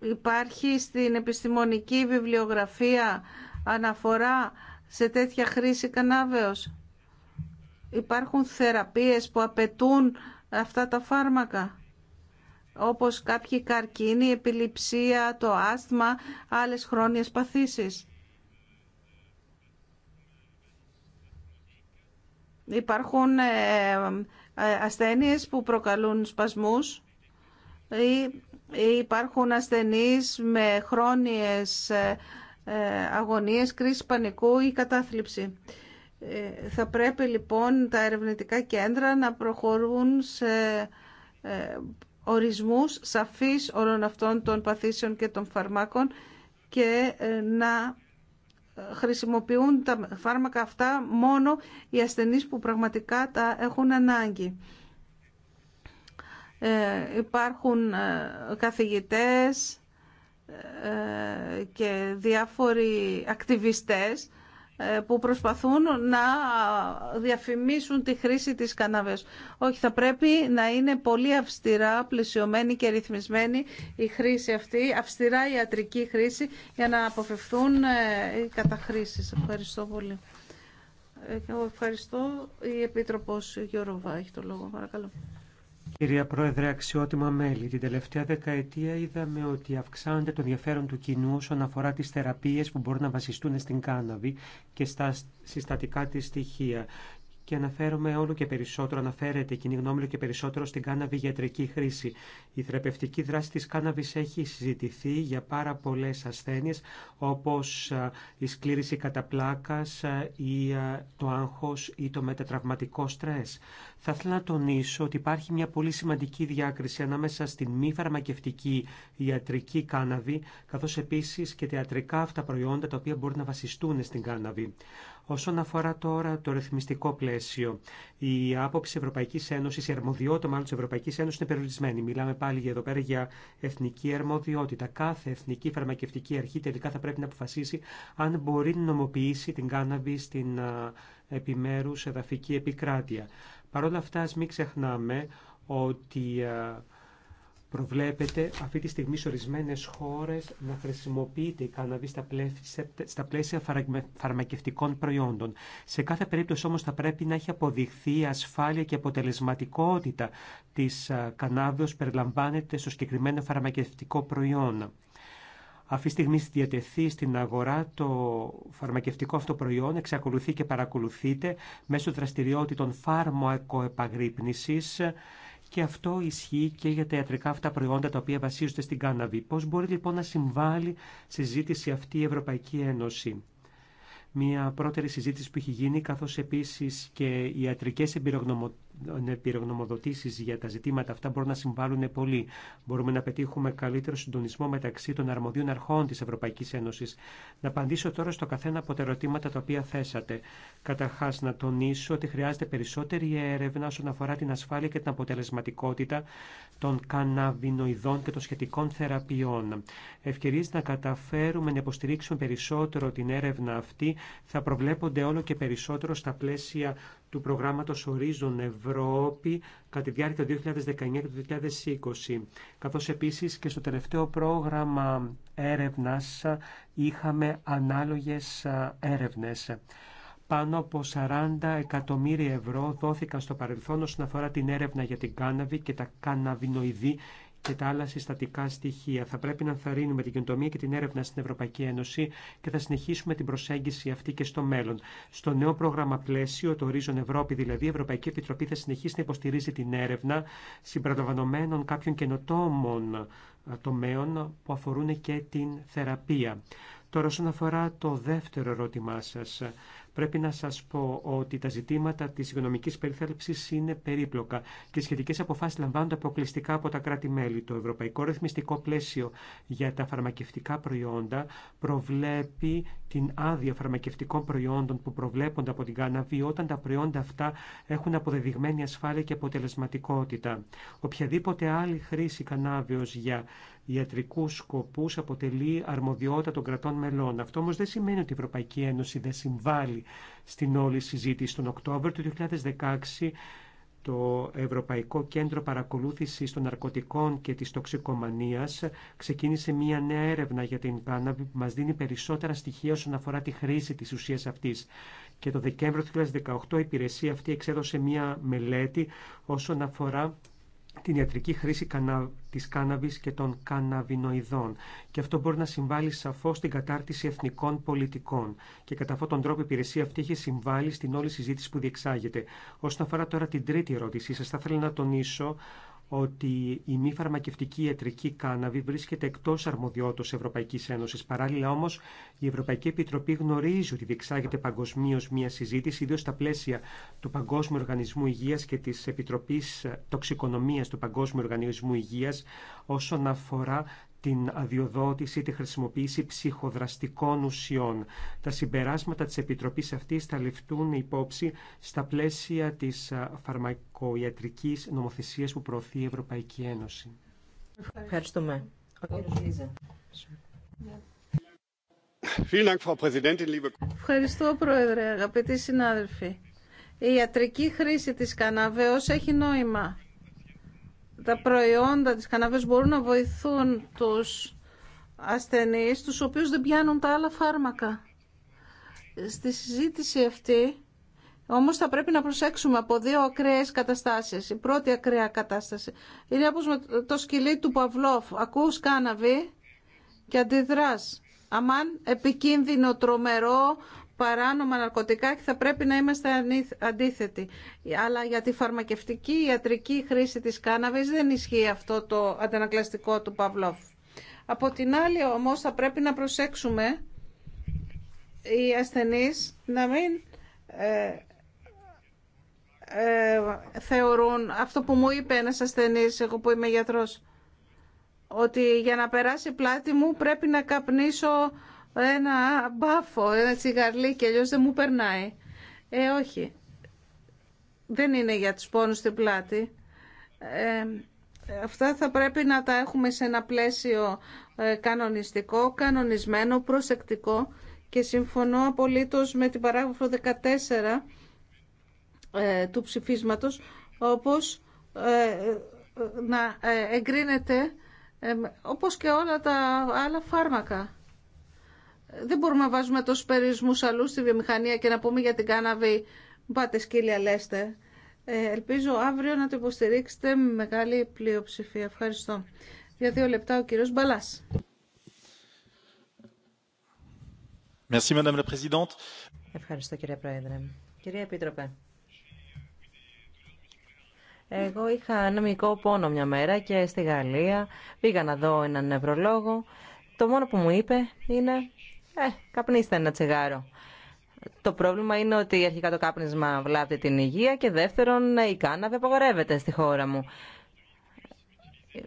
Υπάρχει στην επιστημονική βιβλιογραφία αναφορά σε τέτοια χρήση κανάβεως. Υπάρχουν θεραπείες που απαιτούν αυτά τα φάρμακα όπως κάποιοι καρκίνοι, επιληψία, το άσθμα, άλλες χρόνιες παθήσεις. Υπάρχουν ε, ε, ασθένειες που προκαλούν σπασμούς ή υπάρχουν ασθενείς με χρόνιες ε, αγωνίες, κρίση πανικού ή κατάθλιψη. Θα πρέπει λοιπόν τα ερευνητικά κέντρα να προχωρούν σε ορισμούς σαφείς όλων αυτών των παθήσεων και των φαρμάκων και να χρησιμοποιούν τα φάρμακα αυτά μόνο οι ασθενείς που πραγματικά τα έχουν ανάγκη. Ε, υπάρχουν ε, καθηγητές ε, και διάφοροι ακτιβιστές ε, που προσπαθούν να διαφημίσουν τη χρήση της καναβές. Όχι, θα πρέπει να είναι πολύ αυστηρά, πλαισιωμένη και ρυθμισμένη η χρήση αυτή, αυστηρά η ιατρική χρήση, για να αποφευθούν ε, οι καταχρήσεις. Ευχαριστώ πολύ. Ε, ευχαριστώ. Η Επίτροπος Γιώργο έχει το λόγο. Παρακαλώ. Κυρία Πρόεδρε, αξιότιμα μέλη, την τελευταία δεκαετία είδαμε ότι αυξάνεται το ενδιαφέρον του κοινού όσον αφορά τις θεραπείες που μπορούν να βασιστούν στην κάναβη και στα συστατικά της στοιχεία και αναφέρομαι όλο και περισσότερο, αναφέρεται η κοινή γνώμη και περισσότερο στην κάναβη γιατρική χρήση. Η θεραπευτική δράση της κάναβης έχει συζητηθεί για πάρα πολλές ασθένειες όπως η σκλήρηση καταπλάκας ή το άγχος ή το μετατραυματικό στρες. Θα ήθελα να τονίσω ότι υπάρχει μια πολύ σημαντική διάκριση ανάμεσα στην μη φαρμακευτική ιατρική κάναβη καθώς επίσης και τα ιατρικά αυτά προϊόντα τα οποία μπορεί να βασιστούν στην κάναβη. Όσον αφορά τώρα το ρυθμιστικό πλαίσιο, η άποψη Ευρωπαϊκή Ένωση, η αρμοδιότητα μάλλον τη Ευρωπαϊκή Ένωση είναι περιορισμένη. Μιλάμε πάλι εδώ πέρα για εθνική αρμοδιότητα. Κάθε εθνική φαρμακευτική αρχή τελικά θα πρέπει να αποφασίσει αν μπορεί να νομοποιήσει την κάναβη στην επιμέρους εδαφική επικράτεια. Παρ' όλα αυτά, μην ξεχνάμε ότι Προβλέπετε αυτή τη στιγμή σε ορισμένε χώρε να χρησιμοποιείται η κάναβη στα πλαίσια φαρμακευτικών προϊόντων. Σε κάθε περίπτωση όμω θα πρέπει να έχει αποδειχθεί η ασφάλεια και αποτελεσματικότητα τη που περιλαμβάνεται στο συγκεκριμένο φαρμακευτικό προϊόν. Αυτή τη στιγμή διατεθεί στην αγορά το φαρμακευτικό αυτό προϊόν, εξακολουθεί και παρακολουθείται μέσω δραστηριότητων φάρμακοεπαγρύπνησης, και αυτό ισχύει και για τα ιατρικά αυτά προϊόντα τα οποία βασίζονται στην κάναβη. Πώ μπορεί λοιπόν να συμβάλλει στη ζήτηση αυτή η Ευρωπαϊκή Ένωση. Μία πρώτερη συζήτηση που έχει γίνει, καθώς επίσης και οι ιατρικές πυρογνωμοδοτήσει για τα ζητήματα αυτά μπορούν να συμβάλλουν πολύ. Μπορούμε να πετύχουμε καλύτερο συντονισμό μεταξύ των αρμοδίων αρχών τη Ευρωπαϊκή Ένωση. Να απαντήσω τώρα στο καθένα από τα ερωτήματα τα οποία θέσατε. Καταρχά, να τονίσω ότι χρειάζεται περισσότερη έρευνα όσον αφορά την ασφάλεια και την αποτελεσματικότητα των καναβινοειδών και των σχετικών θεραπείων. Ευκαιρίε να καταφέρουμε να υποστηρίξουμε περισσότερο την έρευνα αυτή θα προβλέπονται όλο και περισσότερο στα πλαίσια του προγράμματος Horizon Ευρώπη κατά τη διάρκεια του 2019 και του 2020. Καθώς επίσης και στο τελευταίο πρόγραμμα έρευνας είχαμε ανάλογες έρευνες. Πάνω από 40 εκατομμύρια ευρώ δόθηκαν στο παρελθόν όσον αφορά την έρευνα για την κάναβη και τα καναβινοειδή και τα άλλα συστατικά στοιχεία. Θα πρέπει να ενθαρρύνουμε την καινοτομία και την έρευνα στην Ευρωπαϊκή Ένωση και θα συνεχίσουμε την προσέγγιση αυτή και στο μέλλον. Στο νέο πρόγραμμα πλαίσιο, το Horizon Ευρώπη, δηλαδή η Ευρωπαϊκή Επιτροπή θα συνεχίσει να υποστηρίζει την έρευνα συμπεριλαμβανομένων κάποιων καινοτόμων ε, τομέων που αφορούν και την θεραπεία. Τώρα, όσον αφορά το δεύτερο ερώτημά σας, Πρέπει να σας πω ότι τα ζητήματα της οικονομικής περιθάλψης είναι περίπλοκα και οι σχετικές αποφάσεις λαμβάνονται αποκλειστικά από τα κράτη-μέλη. Το Ευρωπαϊκό Ρυθμιστικό Πλαίσιο για τα φαρμακευτικά προϊόντα προβλέπει την άδεια φαρμακευτικών προϊόντων που προβλέπονται από την κάναβη όταν τα προϊόντα αυτά έχουν αποδεδειγμένη ασφάλεια και αποτελεσματικότητα. Οποιαδήποτε άλλη χρήση κανάβιος για ιατρικού σκοπού αποτελεί αρμοδιότητα των κρατών μελών. Αυτό όμω δεν σημαίνει ότι η Ευρωπαϊκή Ένωση δεν συμβάλλει στην όλη συζήτηση. Τον Οκτώβριο του 2016 το Ευρωπαϊκό Κέντρο Παρακολούθησης των Ναρκωτικών και της Τοξικομανίας ξεκίνησε μία νέα έρευνα για την κάναβη που μας δίνει περισσότερα στοιχεία όσον αφορά τη χρήση της ουσίας αυτής. Και το Δεκέμβριο του 2018 η υπηρεσία αυτή εξέδωσε μία μελέτη όσον αφορά την ιατρική χρήση της κάναβης και των καναβινοειδών. Και αυτό μπορεί να συμβάλλει σαφώς στην κατάρτιση εθνικών πολιτικών. Και κατά αυτόν τον τρόπο η υπηρεσία αυτή έχει συμβάλει στην όλη συζήτηση που διεξάγεται. Όσον αφορά τώρα την τρίτη ερώτησή σας, θα ήθελα να τονίσω ότι η μη φαρμακευτική ιατρική κάναβη βρίσκεται εκτός αρμοδιότητας Ευρωπαϊκής Ένωση. Παράλληλα όμως η Ευρωπαϊκή Επιτροπή γνωρίζει ότι διεξάγεται παγκοσμίω μια συζήτηση, ιδίω στα πλαίσια του Παγκόσμιου Οργανισμού Υγείας και της Επιτροπής Τοξικονομίας του Παγκόσμιου Οργανισμού Υγείας όσον αφορά την αδειοδότηση, τη χρησιμοποίηση ψυχοδραστικών ουσιών. Τα συμπεράσματα της Επιτροπής αυτής θα ληφθούν υπόψη στα πλαίσια της φαρμακοιατρικής νομοθεσίας που προωθεί η Ευρωπαϊκή Ένωση. Ευχαριστούμε. Ευχαριστώ, Πρόεδρε, αγαπητοί συνάδελφοι. Η ιατρική χρήση της καναβέως έχει νόημα τα προϊόντα της καναβής μπορούν να βοηθούν τους ασθενείς, τους οποίους δεν πιάνουν τα άλλα φάρμακα. Στη συζήτηση αυτή, όμως θα πρέπει να προσέξουμε από δύο ακραίες καταστάσεις. Η πρώτη ακραία κατάσταση είναι όπως με το σκυλί του Παυλόφ. Ακούς κάναβη και αντιδράς. Αμάν, επικίνδυνο, τρομερό, παράνομα ναρκωτικά και θα πρέπει να είμαστε αντίθετοι. Αλλά για τη φαρμακευτική ιατρική χρήση της κάναβης δεν ισχύει αυτό το αντανακλαστικό του Παυλόφ. Από την άλλη όμως θα πρέπει να προσέξουμε οι ασθενείς να μην ε, ε, θεωρούν αυτό που μου είπε ένας ασθενής, εγώ που είμαι γιατρός, ότι για να περάσει πλάτη μου πρέπει να καπνίσω ένα μπάφο, ένα και αλλιώς δεν μου περνάει. Ε, όχι. Δεν είναι για τους πόνους στην πλάτη. Ε, αυτά θα πρέπει να τα έχουμε σε ένα πλαίσιο ε, κανονιστικό, κανονισμένο, προσεκτικό και συμφωνώ απολύτως με την παράγραφο 14 ε, του ψηφίσματος, όπως να εγκρίνεται όπως και όλα τα άλλα φάρμακα δεν μπορούμε να βάζουμε τόσους περιορισμούς αλλού στη βιομηχανία και να πούμε για την κάναβη πάτε σκύλια λέστε. Ε, ελπίζω αύριο να το υποστηρίξετε με μεγάλη πλειοψηφία. Ευχαριστώ. Για δύο λεπτά ο κύριος Μπαλάς. Ευχαριστώ κύριε Πρόεδρε. Κυρία Επίτροπε, εγώ είχα νομικό πόνο μια μέρα και στη Γαλλία πήγα να δω έναν νευρολόγο. Το μόνο που μου είπε είναι ε, καπνίστε ένα τσιγάρο. Το πρόβλημα είναι ότι αρχικά το κάπνισμα βλάπτει την υγεία και δεύτερον η κάναβη απογορεύεται στη χώρα μου.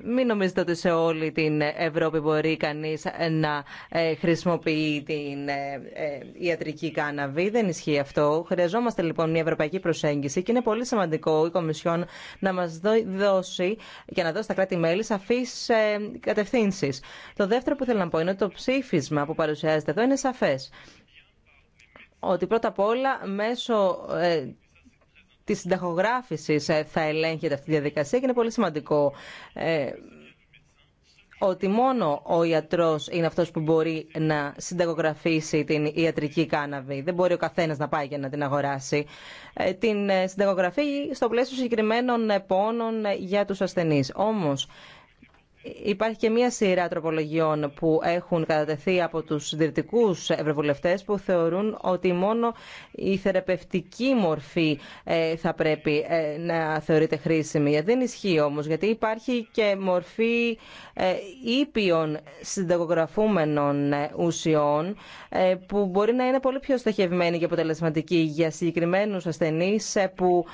Μην νομίζετε ότι σε όλη την Ευρώπη μπορεί κανείς να ε, χρησιμοποιεί την ε, ε, ιατρική κάναβη. Δεν ισχύει αυτό. Χρειαζόμαστε λοιπόν μια ευρωπαϊκή προσέγγιση και είναι πολύ σημαντικό η Κομισιόν να μας δώσει και να δώσει στα κράτη-μέλη σαφείς κατευθύνσεις. Το δεύτερο που θέλω να πω είναι ότι το ψήφισμα που παρουσιάζεται εδώ είναι σαφές ότι πρώτα απ' όλα μέσω τη συνταχογράφηση ε, θα ελέγχεται αυτή η διαδικασία και είναι πολύ σημαντικό ε, ότι μόνο ο ιατρός είναι αυτός που μπορεί να συνταγογραφήσει την ιατρική κάναβη. Δεν μπορεί ο καθένας να πάει και να την αγοράσει. Ε, την συνταγογραφή στο πλαίσιο συγκεκριμένων πόνων για τους ασθενείς. Όμως, Υπάρχει και μία σειρά τροπολογιών που έχουν κατατεθεί από τους συντηρητικούς ευρωβουλευτές που θεωρούν ότι μόνο η θεραπευτική μορφή ε, θα πρέπει ε, να θεωρείται χρήσιμη. Δεν ισχύει όμως, γιατί υπάρχει και μορφή ε, ήπιων συνταγογραφούμενων ουσιών που μπορεί να είναι πολύ πιο στοχευμένη και αποτελεσματική για συγκεκριμένους ασθενείς που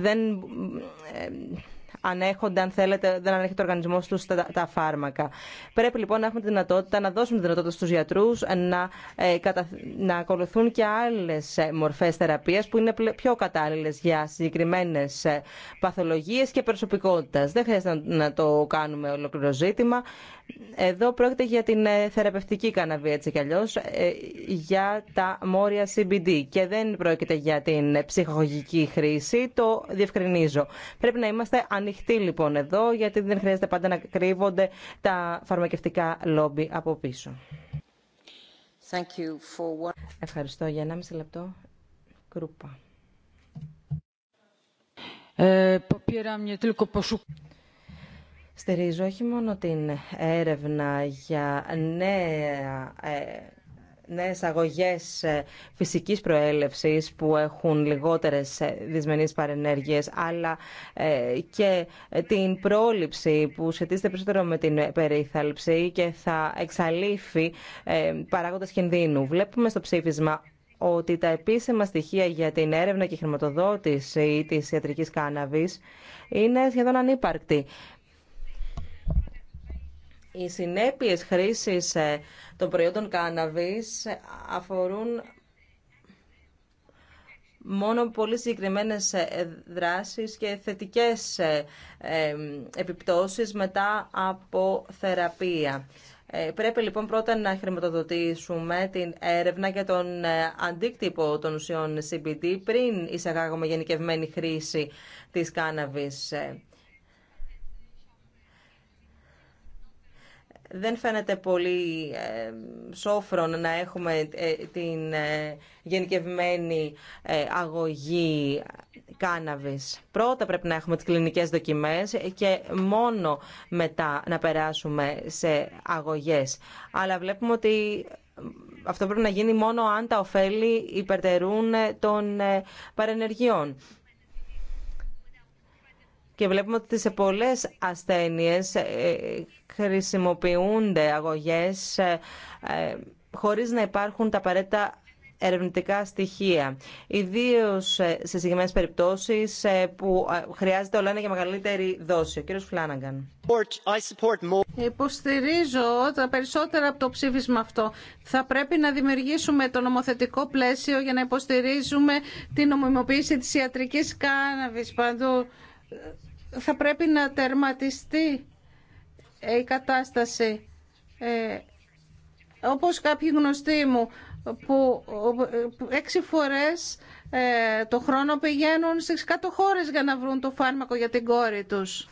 δεν ανέχονται, αν θέλετε, δεν ανέχεται ο οργανισμό του τα, φάρμακα. Πρέπει λοιπόν να έχουμε τη δυνατότητα, να δώσουμε τη δυνατότητα στου γιατρού να, ε, να ακολουθούν και άλλε μορφέ θεραπεία που είναι πιο κατάλληλε για συγκεκριμένε ε, παθολογίε και προσωπικότητα. Δεν χρειάζεται να, να το κάνουμε ολόκληρο ζήτημα. Εδώ πρόκειται για την ε, θεραπευτική καναβή έτσι κι αλλιώς, ε, για τα μόρια CBD και δεν πρόκειται για την ε, ψυχολογική χρήση, το διευκρινίζω. Πρέπει να είμαστε ανοιχτοί λοιπόν εδώ, γιατί δεν χρειάζεται πάντα να κρύβονται τα φαρμακευτικά λόμπι από πίσω. Thank you for... Ευχαριστώ για ένα μισή λεπτό. Κρούπα. Στηρίζω όχι μόνο την έρευνα για νέα, ε, νέες αγωγές ε, φυσικής προέλευσης που έχουν λιγότερες ε, δυσμενείς παρενέργειες, αλλά και την πρόληψη που σχετίζεται περισσότερο με την περίθαλψη και θα εξαλείφει παράγοντας κινδύνου. Βλέπουμε στο ψήφισμα ότι τα επίσημα στοιχεία για την έρευνα και χρηματοδότηση της ιατρικής κάναβης είναι σχεδόν ανύπαρκτη οι συνέπειες χρήσης ε, των προϊόντων κάναβης αφορούν μόνο πολύ συγκεκριμένες ε, δράσεις και θετικές ε, επιπτώσεις μετά από θεραπεία. Πρέπει λοιπόν πρώτα να χρηματοδοτήσουμε την έρευνα για τον αντίκτυπο των ουσιών CBD πριν εισαγάγουμε γενικευμένη χρήση της κάναβης. δεν φαίνεται πολύ ε, σόφρον να έχουμε ε, την ε, γενικευμένη αγωγή κάναβης. Πρώτα πρέπει να έχουμε τις κλινικές δοκιμές και μόνο μετά να περάσουμε σε αγωγές. Αλλά βλέπουμε ότι αυτό πρέπει να γίνει μόνο αν τα ωφέλη υπερτερούν των παρενεργειών και βλέπουμε ότι σε πολλές ασθένειες ε, χρησιμοποιούνται αγωγές ε, ε, χωρίς να υπάρχουν τα απαραίτητα ερευνητικά στοιχεία. Ιδίω σε συγκεκριμένε περιπτώσει που χρειάζεται όλα ένα για μεγαλύτερη δόση. Ο κύριο Φλάνναγκαν. Υποστηρίζω τα περισσότερα από το ψήφισμα αυτό. Θα πρέπει να δημιουργήσουμε το νομοθετικό πλαίσιο για να υποστηρίζουμε την νομιμοποίηση της ιατρικής κάναβης παντού θα πρέπει να τερματιστεί η κατάσταση. Ε, όπως κάποιοι γνωστοί μου που έξι φορές ε, το χρόνο πηγαίνουν στις κάτω χώρες για να βρουν το φάρμακο για την κόρη τους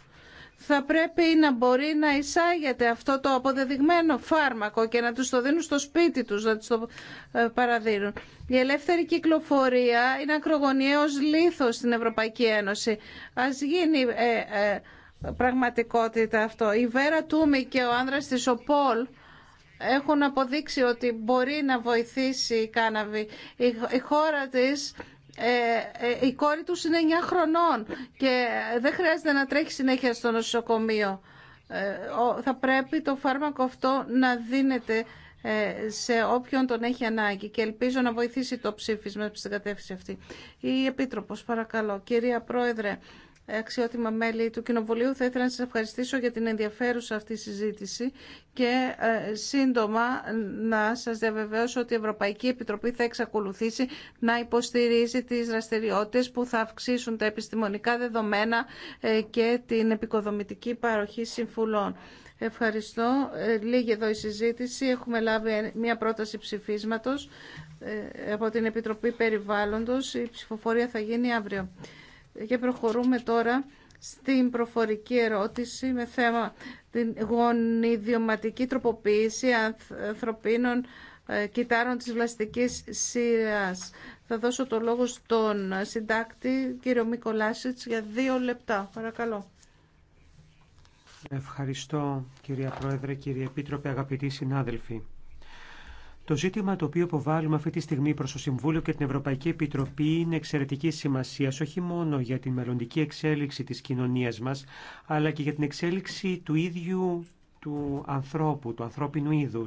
θα πρέπει να μπορεί να εισάγεται αυτό το αποδεδειγμένο φάρμακο και να τους το δίνουν στο σπίτι τους, να τους το ε, παραδίνουν. Η ελεύθερη κυκλοφορία είναι ακρογωνιαίος λίθος στην Ευρωπαϊκή Ένωση. Ας γίνει ε, ε, πραγματικότητα αυτό. Η Βέρα Τούμι και ο άνδρας της Οπόλ έχουν αποδείξει ότι μπορεί να βοηθήσει η κάναβη. χώρα της ε, ε, η κόρη τους είναι 9 χρονών και δεν χρειάζεται να τρέχει συνέχεια στο νοσοκομείο. Ε, θα πρέπει το φάρμακο αυτό να δίνεται σε όποιον τον έχει ανάγκη και ελπίζω να βοηθήσει το ψήφισμα στην κατεύθυνση αυτή. Η Επίτροπος, παρακαλώ. Κυρία Πρόεδρε, αξιότιμα μέλη του Κοινοβουλίου. Θα ήθελα να σας ευχαριστήσω για την ενδιαφέρουσα αυτή συζήτηση και ε, σύντομα να σας διαβεβαιώσω ότι η Ευρωπαϊκή Επιτροπή θα εξακολουθήσει να υποστηρίζει τις δραστηριότητες που θα αυξήσουν τα επιστημονικά δεδομένα ε, και την επικοδομητική παροχή συμφουλών. Ευχαριστώ. Ε, λίγη εδώ η συζήτηση. Έχουμε λάβει μια πρόταση ψηφίσματος από την Επιτροπή Περιβάλλοντος. Η ψηφοφορία θα γίνει αύριο. Και προχωρούμε τώρα στην προφορική ερώτηση με θέμα την γονιδιωματική τροποποίηση ανθρωπίνων ε, κιτάρων της βλαστικής σειράς. Θα δώσω το λόγο στον συντάκτη, κύριο Μικολάσιτς, για δύο λεπτά. Παρακαλώ. Ευχαριστώ, κυρία Πρόεδρε, κύριε Επίτροπε, αγαπητοί συνάδελφοι. Το ζήτημα το οποίο υποβάλλουμε αυτή τη στιγμή προς το Συμβούλιο και την Ευρωπαϊκή Επιτροπή είναι εξαιρετική σημασία όχι μόνο για την μελλοντική εξέλιξη τη κοινωνία μας, αλλά και για την εξέλιξη του ίδιου του ανθρώπου, του ανθρώπινου είδου.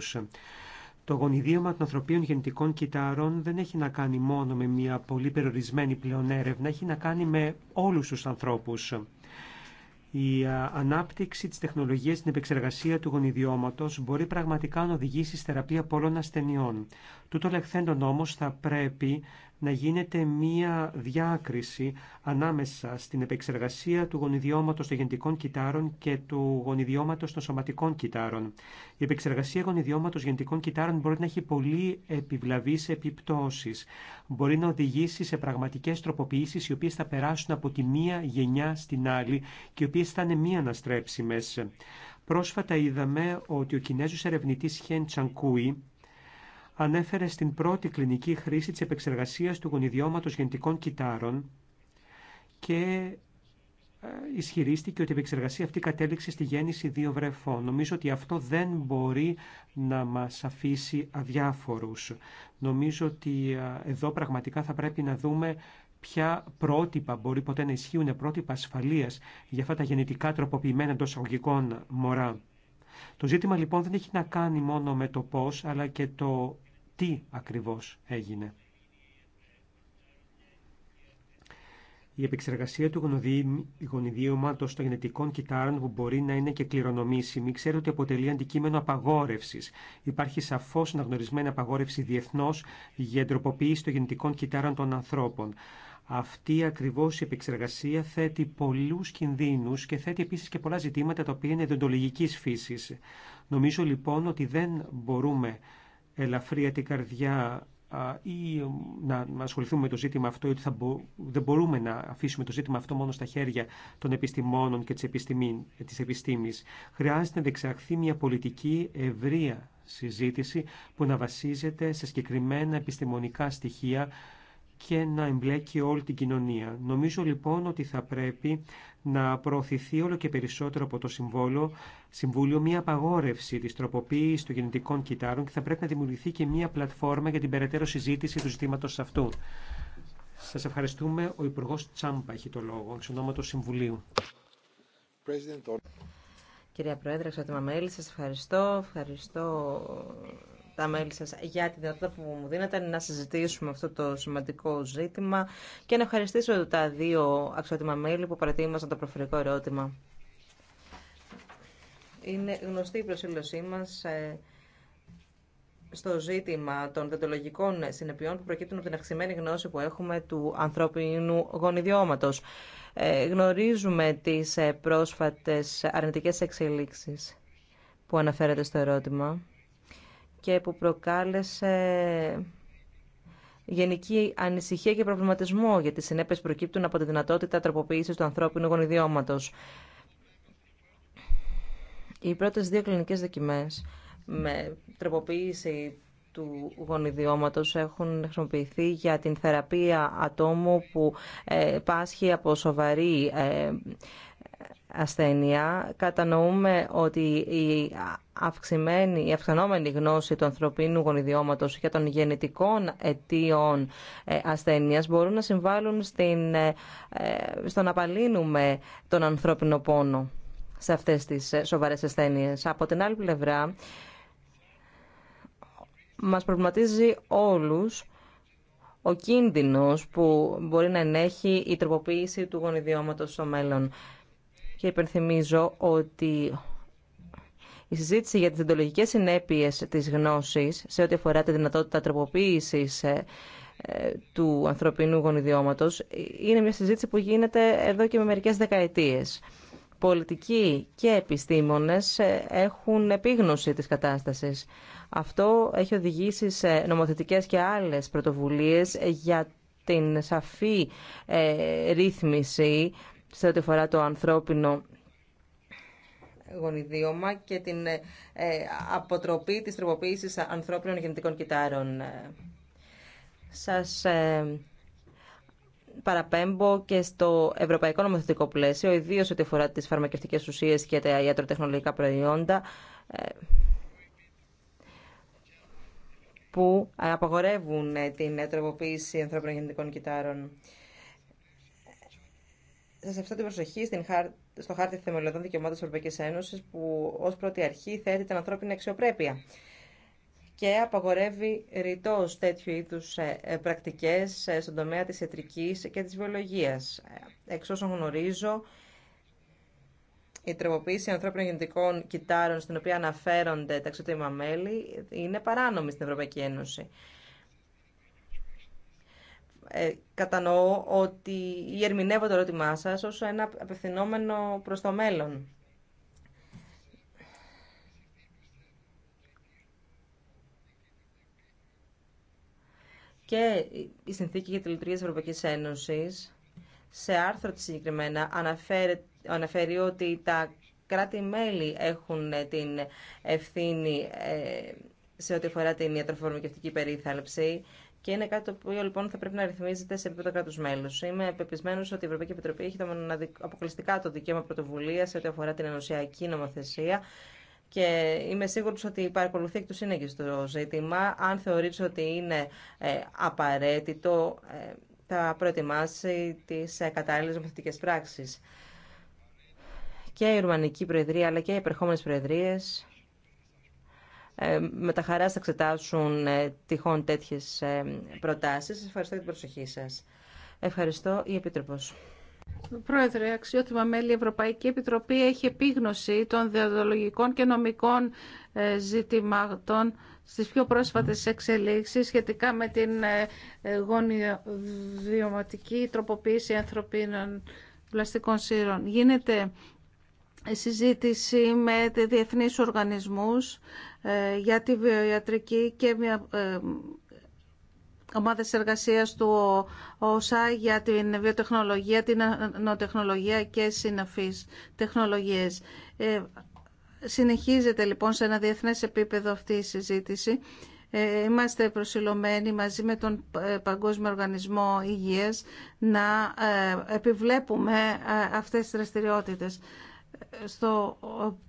Το γονιδίωμα των ανθρωπίων γεννητικών κυτάρων δεν έχει να κάνει μόνο με μια πολύ περιορισμένη πλεονέρευνα, έχει να κάνει με όλους τους ανθρώπους. Η ανάπτυξη της τεχνολογίας στην επεξεργασία του γονιδιώματος μπορεί πραγματικά να οδηγήσει στη θεραπεία πολλών ασθενειών. Τούτο λεχθέντον όμως θα πρέπει να γίνεται μία διάκριση ανάμεσα στην επεξεργασία του γονιδιώματος των γεννητικών κυτάρων και του γονιδιώματος των σωματικών κυτάρων. Η επεξεργασία γονιδιώματος γεννητικών κυτάρων μπορεί να έχει πολύ επιβλαβείς επιπτώσεις. Μπορεί να οδηγήσει σε πραγματικές τροποποιήσεις οι οποίες θα περάσουν από τη μία γενιά στην άλλη και οι οποίες θα είναι μη αναστρέψιμες. Πρόσφατα είδαμε ότι ο Κινέζος ερευνητής Χεν Τσανκούι ανέφερε στην πρώτη κλινική χρήση της επεξεργασίας του γονιδιώματος γεννητικών κυτάρων και ε, ισχυρίστηκε ότι η επεξεργασία αυτή κατέληξε στη γέννηση δύο βρεφών. Νομίζω ότι αυτό δεν μπορεί να μας αφήσει αδιάφορους. Νομίζω ότι ε, εδώ πραγματικά θα πρέπει να δούμε ποια πρότυπα μπορεί ποτέ να ισχύουν πρότυπα ασφαλείας για αυτά τα γενετικά τροποποιημένα εντό αγωγικών μωρά. Το ζήτημα λοιπόν δεν έχει να κάνει μόνο με το πώς αλλά και το τι ακριβώς έγινε. Η επεξεργασία του γονιδίωματο των γενετικών κυτάρων που μπορεί να είναι και κληρονομήσιμη ξέρει ότι αποτελεί αντικείμενο απαγόρευση. Υπάρχει σαφώ αναγνωρισμένη απαγόρευση διεθνώ για εντροποποίηση των γενετικών κυτάρων των ανθρώπων. Αυτή ακριβώ η επεξεργασία θέτει πολλού κινδύνου και θέτει επίση και πολλά ζητήματα τα οποία είναι διοντολογική φύση. Νομίζω λοιπόν ότι δεν μπορούμε ελαφρία την καρδιά ή να ασχοληθούμε με το ζήτημα αυτό ή ότι θα δεν μπορούμε να αφήσουμε το ζήτημα αυτό μόνο στα χέρια των επιστημόνων και της, επιστημή... της επιστήμης. Χρειάζεται να δεξαχθεί μια πολιτική ευρεία συζήτηση που να βασίζεται σε συγκεκριμένα επιστημονικά στοιχεία και να εμπλέκει όλη την κοινωνία. Νομίζω λοιπόν ότι θα πρέπει να προωθηθεί όλο και περισσότερο από το συμβόλο, Συμβούλιο μια απαγόρευση της τροποποίησης των γεννητικών κυτάρων και θα πρέπει να δημιουργηθεί και μια πλατφόρμα για την περαιτέρω συζήτηση του ζητήματος αυτού. Σας ευχαριστούμε. Ο Υπουργό Τσάμπα έχει το λόγο, εξ ονόματος Συμβουλίου. Κυρία Πρόεδρε, εξωτήμα μέλη, σας ευχαριστώ. Ευχαριστώ τα μέλη σας για τη δυνατότητα που μου δίνετε να συζητήσουμε αυτό το σημαντικό ζήτημα και να ευχαριστήσω τα δύο αξιότιμα μέλη που παρατήμασαν το προφορικό ερώτημα. Είναι γνωστή η προσήλωσή μας ε, στο ζήτημα των δεντολογικών συνεπειών που προκύπτουν από την αυξημένη γνώση που έχουμε του ανθρώπινου γονιδιώματος. Ε, γνωρίζουμε τις ε, πρόσφατες αρνητικές εξελίξεις που αναφέρεται στο ερώτημα και που προκάλεσε γενική ανησυχία και προβληματισμό για τις συνέπειες προκύπτουν από τη δυνατότητα τροποποίησης του ανθρώπινου γονιδιώματος. Οι πρώτες δύο κλινικές δοκιμές με τροποποίηση του γονιδιώματος έχουν χρησιμοποιηθεί για την θεραπεία ατόμου που ε, πάσχει από σοβαρή ε, ασθένεια. Κατανοούμε ότι η αυξημένη, η αυξανόμενη γνώση του ανθρωπίνου γονιδιώματος και των γενετικών αιτίων ε, ασθένειας μπορούν να συμβάλλουν στην, ε, ε, στο να απαλύνουμε τον ανθρώπινο πόνο σε αυτές τις σοβαρές ασθένειες. Από την άλλη πλευρά, μας προβληματίζει όλους ο κίνδυνος που μπορεί να ενέχει η τροποποίηση του γονιδιώματος στο μέλλον. Και υπενθυμίζω ότι η συζήτηση για τι εντολογικές συνέπειε της γνώσης σε ό,τι αφορά τη δυνατότητα τροποποίησης ε, ε, του ανθρωπινού γονιδιώματος είναι μια συζήτηση που γίνεται εδώ και με μερικές δεκαετίες. Πολιτικοί και επιστήμονες ε, έχουν επίγνωση της κατάστασης. Αυτό έχει οδηγήσει σε νομοθετικές και άλλες πρωτοβουλίες για την σαφή ρύθμιση σε ό,τι αφορά το ανθρώπινο γονιδίωμα και την ε, ε, αποτροπή της τροποποίησης ανθρώπινων γεννητικών κυτάρων. Σας ε, παραπέμπω και στο ευρωπαϊκό νομοθετικό πλαίσιο, ιδίω ό,τι αφορά τι φαρμακευτικέ ουσίε και τα ιατροτεχνολογικά προϊόντα, που απαγορεύουν την τροποποίηση ανθρώπινων γεννητικών κυτάρων. Σε ευχαριστώ την προσοχή στην στο χάρτη θεμελιωδών δικαιωμάτων της Ευρωπαϊκής Ένωσης που ως πρώτη αρχή θέτει την ανθρώπινη αξιοπρέπεια και απαγορεύει ρητό τέτοιου είδου ε, ε, πρακτικές ε, στον τομέα της ιατρική και της βιολογίας. Εξ όσων γνωρίζω, η τροποποίηση ανθρώπινων γεννητικών κυτάρων στην οποία αναφέρονται τα εξωτήμα μέλη είναι παράνομη στην Ευρωπαϊκή Ένωση. Ε, κατανοώ ότι ή ερμηνεύω το ερώτημά σα ως ένα απευθυνόμενο προς το μέλλον. Και η συνθήκη για τη λειτουργία τη Ευρωπαϊκής Ένωσης σε άρθρο τη συγκεκριμένα αναφέρει, ότι τα κράτη-μέλη έχουν ε, την ευθύνη ε, σε ό,τι αφορά την ιατροφορμικευτική περίθαλψη και είναι κάτι το οποίο λοιπόν θα πρέπει να ρυθμίζεται σε επίπεδο κράτου μέλου. Είμαι πεπισμένο ότι η Ευρωπαϊκή Επιτροπή έχει το αποκλειστικά το δικαίωμα πρωτοβουλία σε ό,τι αφορά την ενωσιακή νομοθεσία. Και είμαι σίγουρος ότι παρακολουθεί εκ του σύνεγγυ το ζήτημα. Αν θεωρείς ότι είναι ε, απαραίτητο, ε, θα προετοιμάσει τι ε, κατάλληλες νομοθετικές πράξεις. Και η Ρουμανική Προεδρία, αλλά και οι επερχόμενε προεδρίε. Ε, με τα χαρά θα εξετάσουν ε, τυχόν τέτοιες ε, προτάσεις. Σα ευχαριστώ για την προσοχή σας. Ευχαριστώ η επίτροπο. Πρόεδρε, αξιότιμα μέλη, η Ευρωπαϊκή Επιτροπή έχει επίγνωση των διαδολογικών και νομικών ζητημάτων στις πιο πρόσφατες εξελίξεις σχετικά με την γονιδιωματική τροποποίηση ανθρωπίνων πλαστικών σύρων. Γίνεται συζήτηση με διεθνείς οργανισμούς ε, για τη βιοιατρική και μια ε, ομάδε εργασία του ΟΣΑ για την βιοτεχνολογία, την νοτεχνολογία και συναφείς τεχνολογίες. Ε, συνεχίζεται λοιπόν σε ένα διεθνές επίπεδο αυτή η συζήτηση. Ε, είμαστε προσιλωμένοι μαζί με τον Παγκόσμιο Οργανισμό Υγείας να επιβλέπουμε αυτές τις δραστηριότητες στο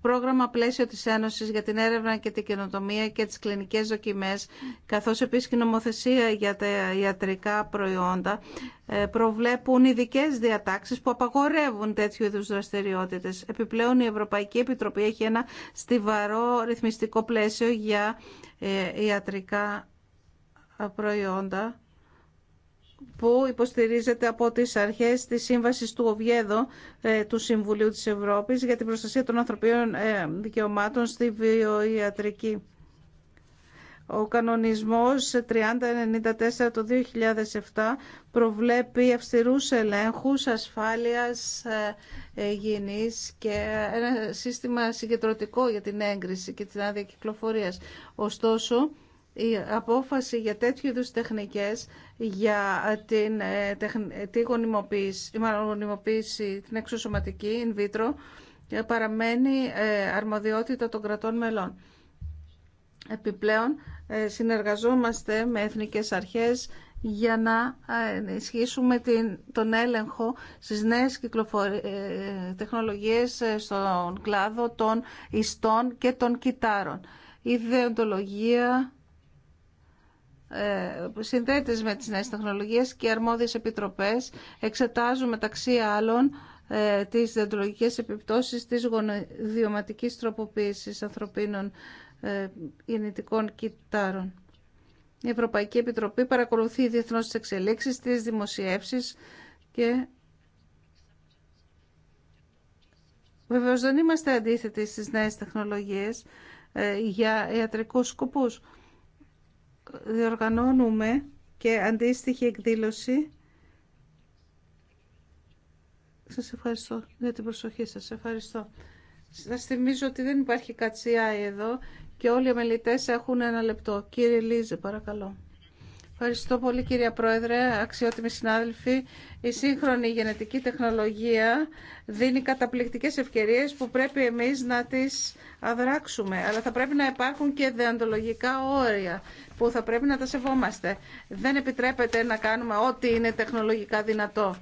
πρόγραμμα πλαίσιο της Ένωσης για την έρευνα και την καινοτομία και τις κλινικές δοκιμές, καθώς επίσης και νομοθεσία για τα ιατρικά προϊόντα, ε, προβλέπουν ειδικέ διατάξεις που απαγορεύουν τέτοιου είδους δραστηριότητες. Επιπλέον, η Ευρωπαϊκή Επιτροπή έχει ένα στιβαρό ρυθμιστικό πλαίσιο για ε, ιατρικά προϊόντα που υποστηρίζεται από τις αρχές της Σύμβασης του Οβιέδο ε, του Συμβουλίου της Ευρώπης για την προστασία των ανθρωπίνων ε, δικαιωμάτων στη βιοιατρική. Ο κανονισμός 3094 το 2007 προβλέπει αυστηρούς ελέγχους ασφάλειας ε, υγιεινής και ένα σύστημα συγκεντρωτικό για την έγκριση και την άδεια κυκλοφορίας. Ωστόσο, η απόφαση για τέτοιου είδου τεχνικές, για την, ε, τη γονιμοποίηση, η γονιμοποίηση, την εξωσωματική in vitro, ε, παραμένει ε, αρμοδιότητα των κρατών μελών. Επιπλέον, συνεργαζόμαστε με εθνικές αρχές για να ενισχύσουμε την, τον έλεγχο στις νέες τεχνολογίε τεχνολογίες στον κλάδο των ιστών και των κιτάρων. Η δεοντολογία ε, συνδέεται με τις νέες τεχνολογίες και αρμόδιες επιτροπές εξετάζουν μεταξύ άλλων ε, τις δεντρολογικές επιπτώσεις της γονιδιωματικής τροποποίησης ανθρωπίνων ε, γεννητικών κοιτάρων. Η Ευρωπαϊκή Επιτροπή παρακολουθεί διεθνώς τις εξελίξεις, τις δημοσιεύσεις και βεβαίως δεν είμαστε αντίθετοι στις νέες τεχνολογίες για ιατρικούς σκοπούς διοργανώνουμε και αντίστοιχη εκδήλωση. Σας ευχαριστώ για την προσοχή σας. Ευχαριστώ. Σας θυμίζω ότι δεν υπάρχει κατσιά εδώ και όλοι οι μελητές έχουν ένα λεπτό. Κύριε Λίζε, παρακαλώ. Ευχαριστώ πολύ κυρία Πρόεδρε, αξιότιμοι συνάδελφοι. Η σύγχρονη γενετική τεχνολογία δίνει καταπληκτικές ευκαιρίες που πρέπει εμείς να τις αδράξουμε. Αλλά θα πρέπει να υπάρχουν και δεοντολογικά όρια που θα πρέπει να τα σεβόμαστε. Δεν επιτρέπεται να κάνουμε ό,τι είναι τεχνολογικά δυνατό.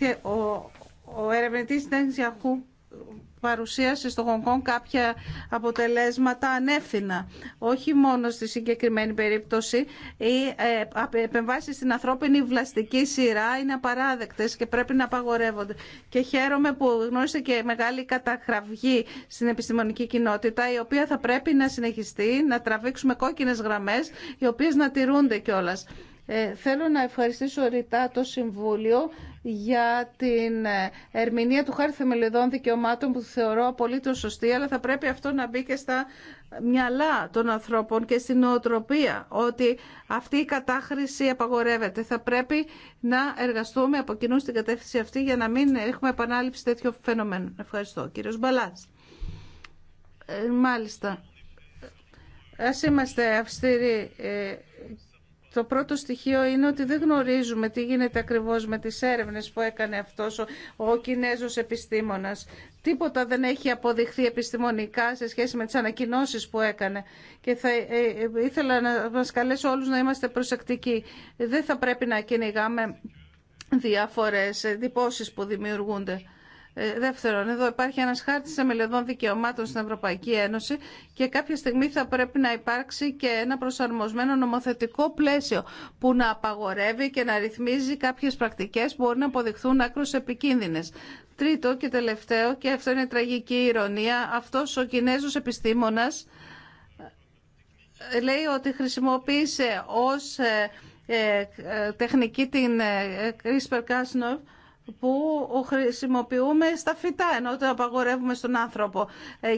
Ε, ο ερευνητής παρουσίασε στο Χονγκ κάποια αποτελέσματα ανεύθυνα. Όχι μόνο στη συγκεκριμένη περίπτωση. Οι ε, επεμβάσει στην ανθρώπινη βλαστική σειρά είναι απαράδεκτέ και πρέπει να απαγορεύονται. Και χαίρομαι που γνώρισε και μεγάλη καταχραυγή στην επιστημονική κοινότητα, η οποία θα πρέπει να συνεχιστεί, να τραβήξουμε κόκκινε γραμμέ, οι οποίε να τηρούνται κιόλα. Ε, θέλω να ευχαριστήσω ρητά το Συμβούλιο για την ε, ερμηνεία του χάρτη θεμελιωδών δικαιωμάτων που θεωρώ το σωστή, αλλά θα πρέπει αυτό να μπει και στα μυαλά των ανθρώπων και στην νοοτροπία ότι αυτή η κατάχρηση απαγορεύεται. Θα πρέπει να εργαστούμε από κοινού στην κατεύθυνση αυτή για να μην έχουμε επανάληψη τέτοιο φαινομένου. Ευχαριστώ. Κύριος Μπαλάς. Ε, μάλιστα. Ας είμαστε αυστηροί ε, το πρώτο στοιχείο είναι ότι δεν γνωρίζουμε τι γίνεται ακριβώς με τις έρευνες που έκανε αυτός ο, ο Κινέζος επιστήμονας. Τίποτα δεν έχει αποδειχθεί επιστημονικά σε σχέση με τις ανακοινώσεις που έκανε. Και θα ε, ε, ήθελα να μας καλέσω όλους να είμαστε προσεκτικοί. Δεν θα πρέπει να κυνηγάμε διάφορες εντυπώσεις που δημιουργούνται. Ε, δεύτερον, εδώ υπάρχει ένας χάρτης θεμελιωδών δικαιωμάτων στην Ευρωπαϊκή Ένωση και κάποια στιγμή θα πρέπει να υπάρξει και ένα προσαρμοσμένο νομοθετικό πλαίσιο που να απαγορεύει και να ρυθμίζει κάποιες πρακτικές που μπορεί να αποδειχθούν άκρως επικίνδυνες. Τρίτο και τελευταίο, και αυτό είναι τραγική ηρωνία, αυτός ο Κινέζος επιστήμονας ε, λέει ότι χρησιμοποίησε ως ε, τεχνική την CRISPR-Cas9 που χρησιμοποιούμε στα φυτά ενώ το απαγορεύουμε στον άνθρωπο ε,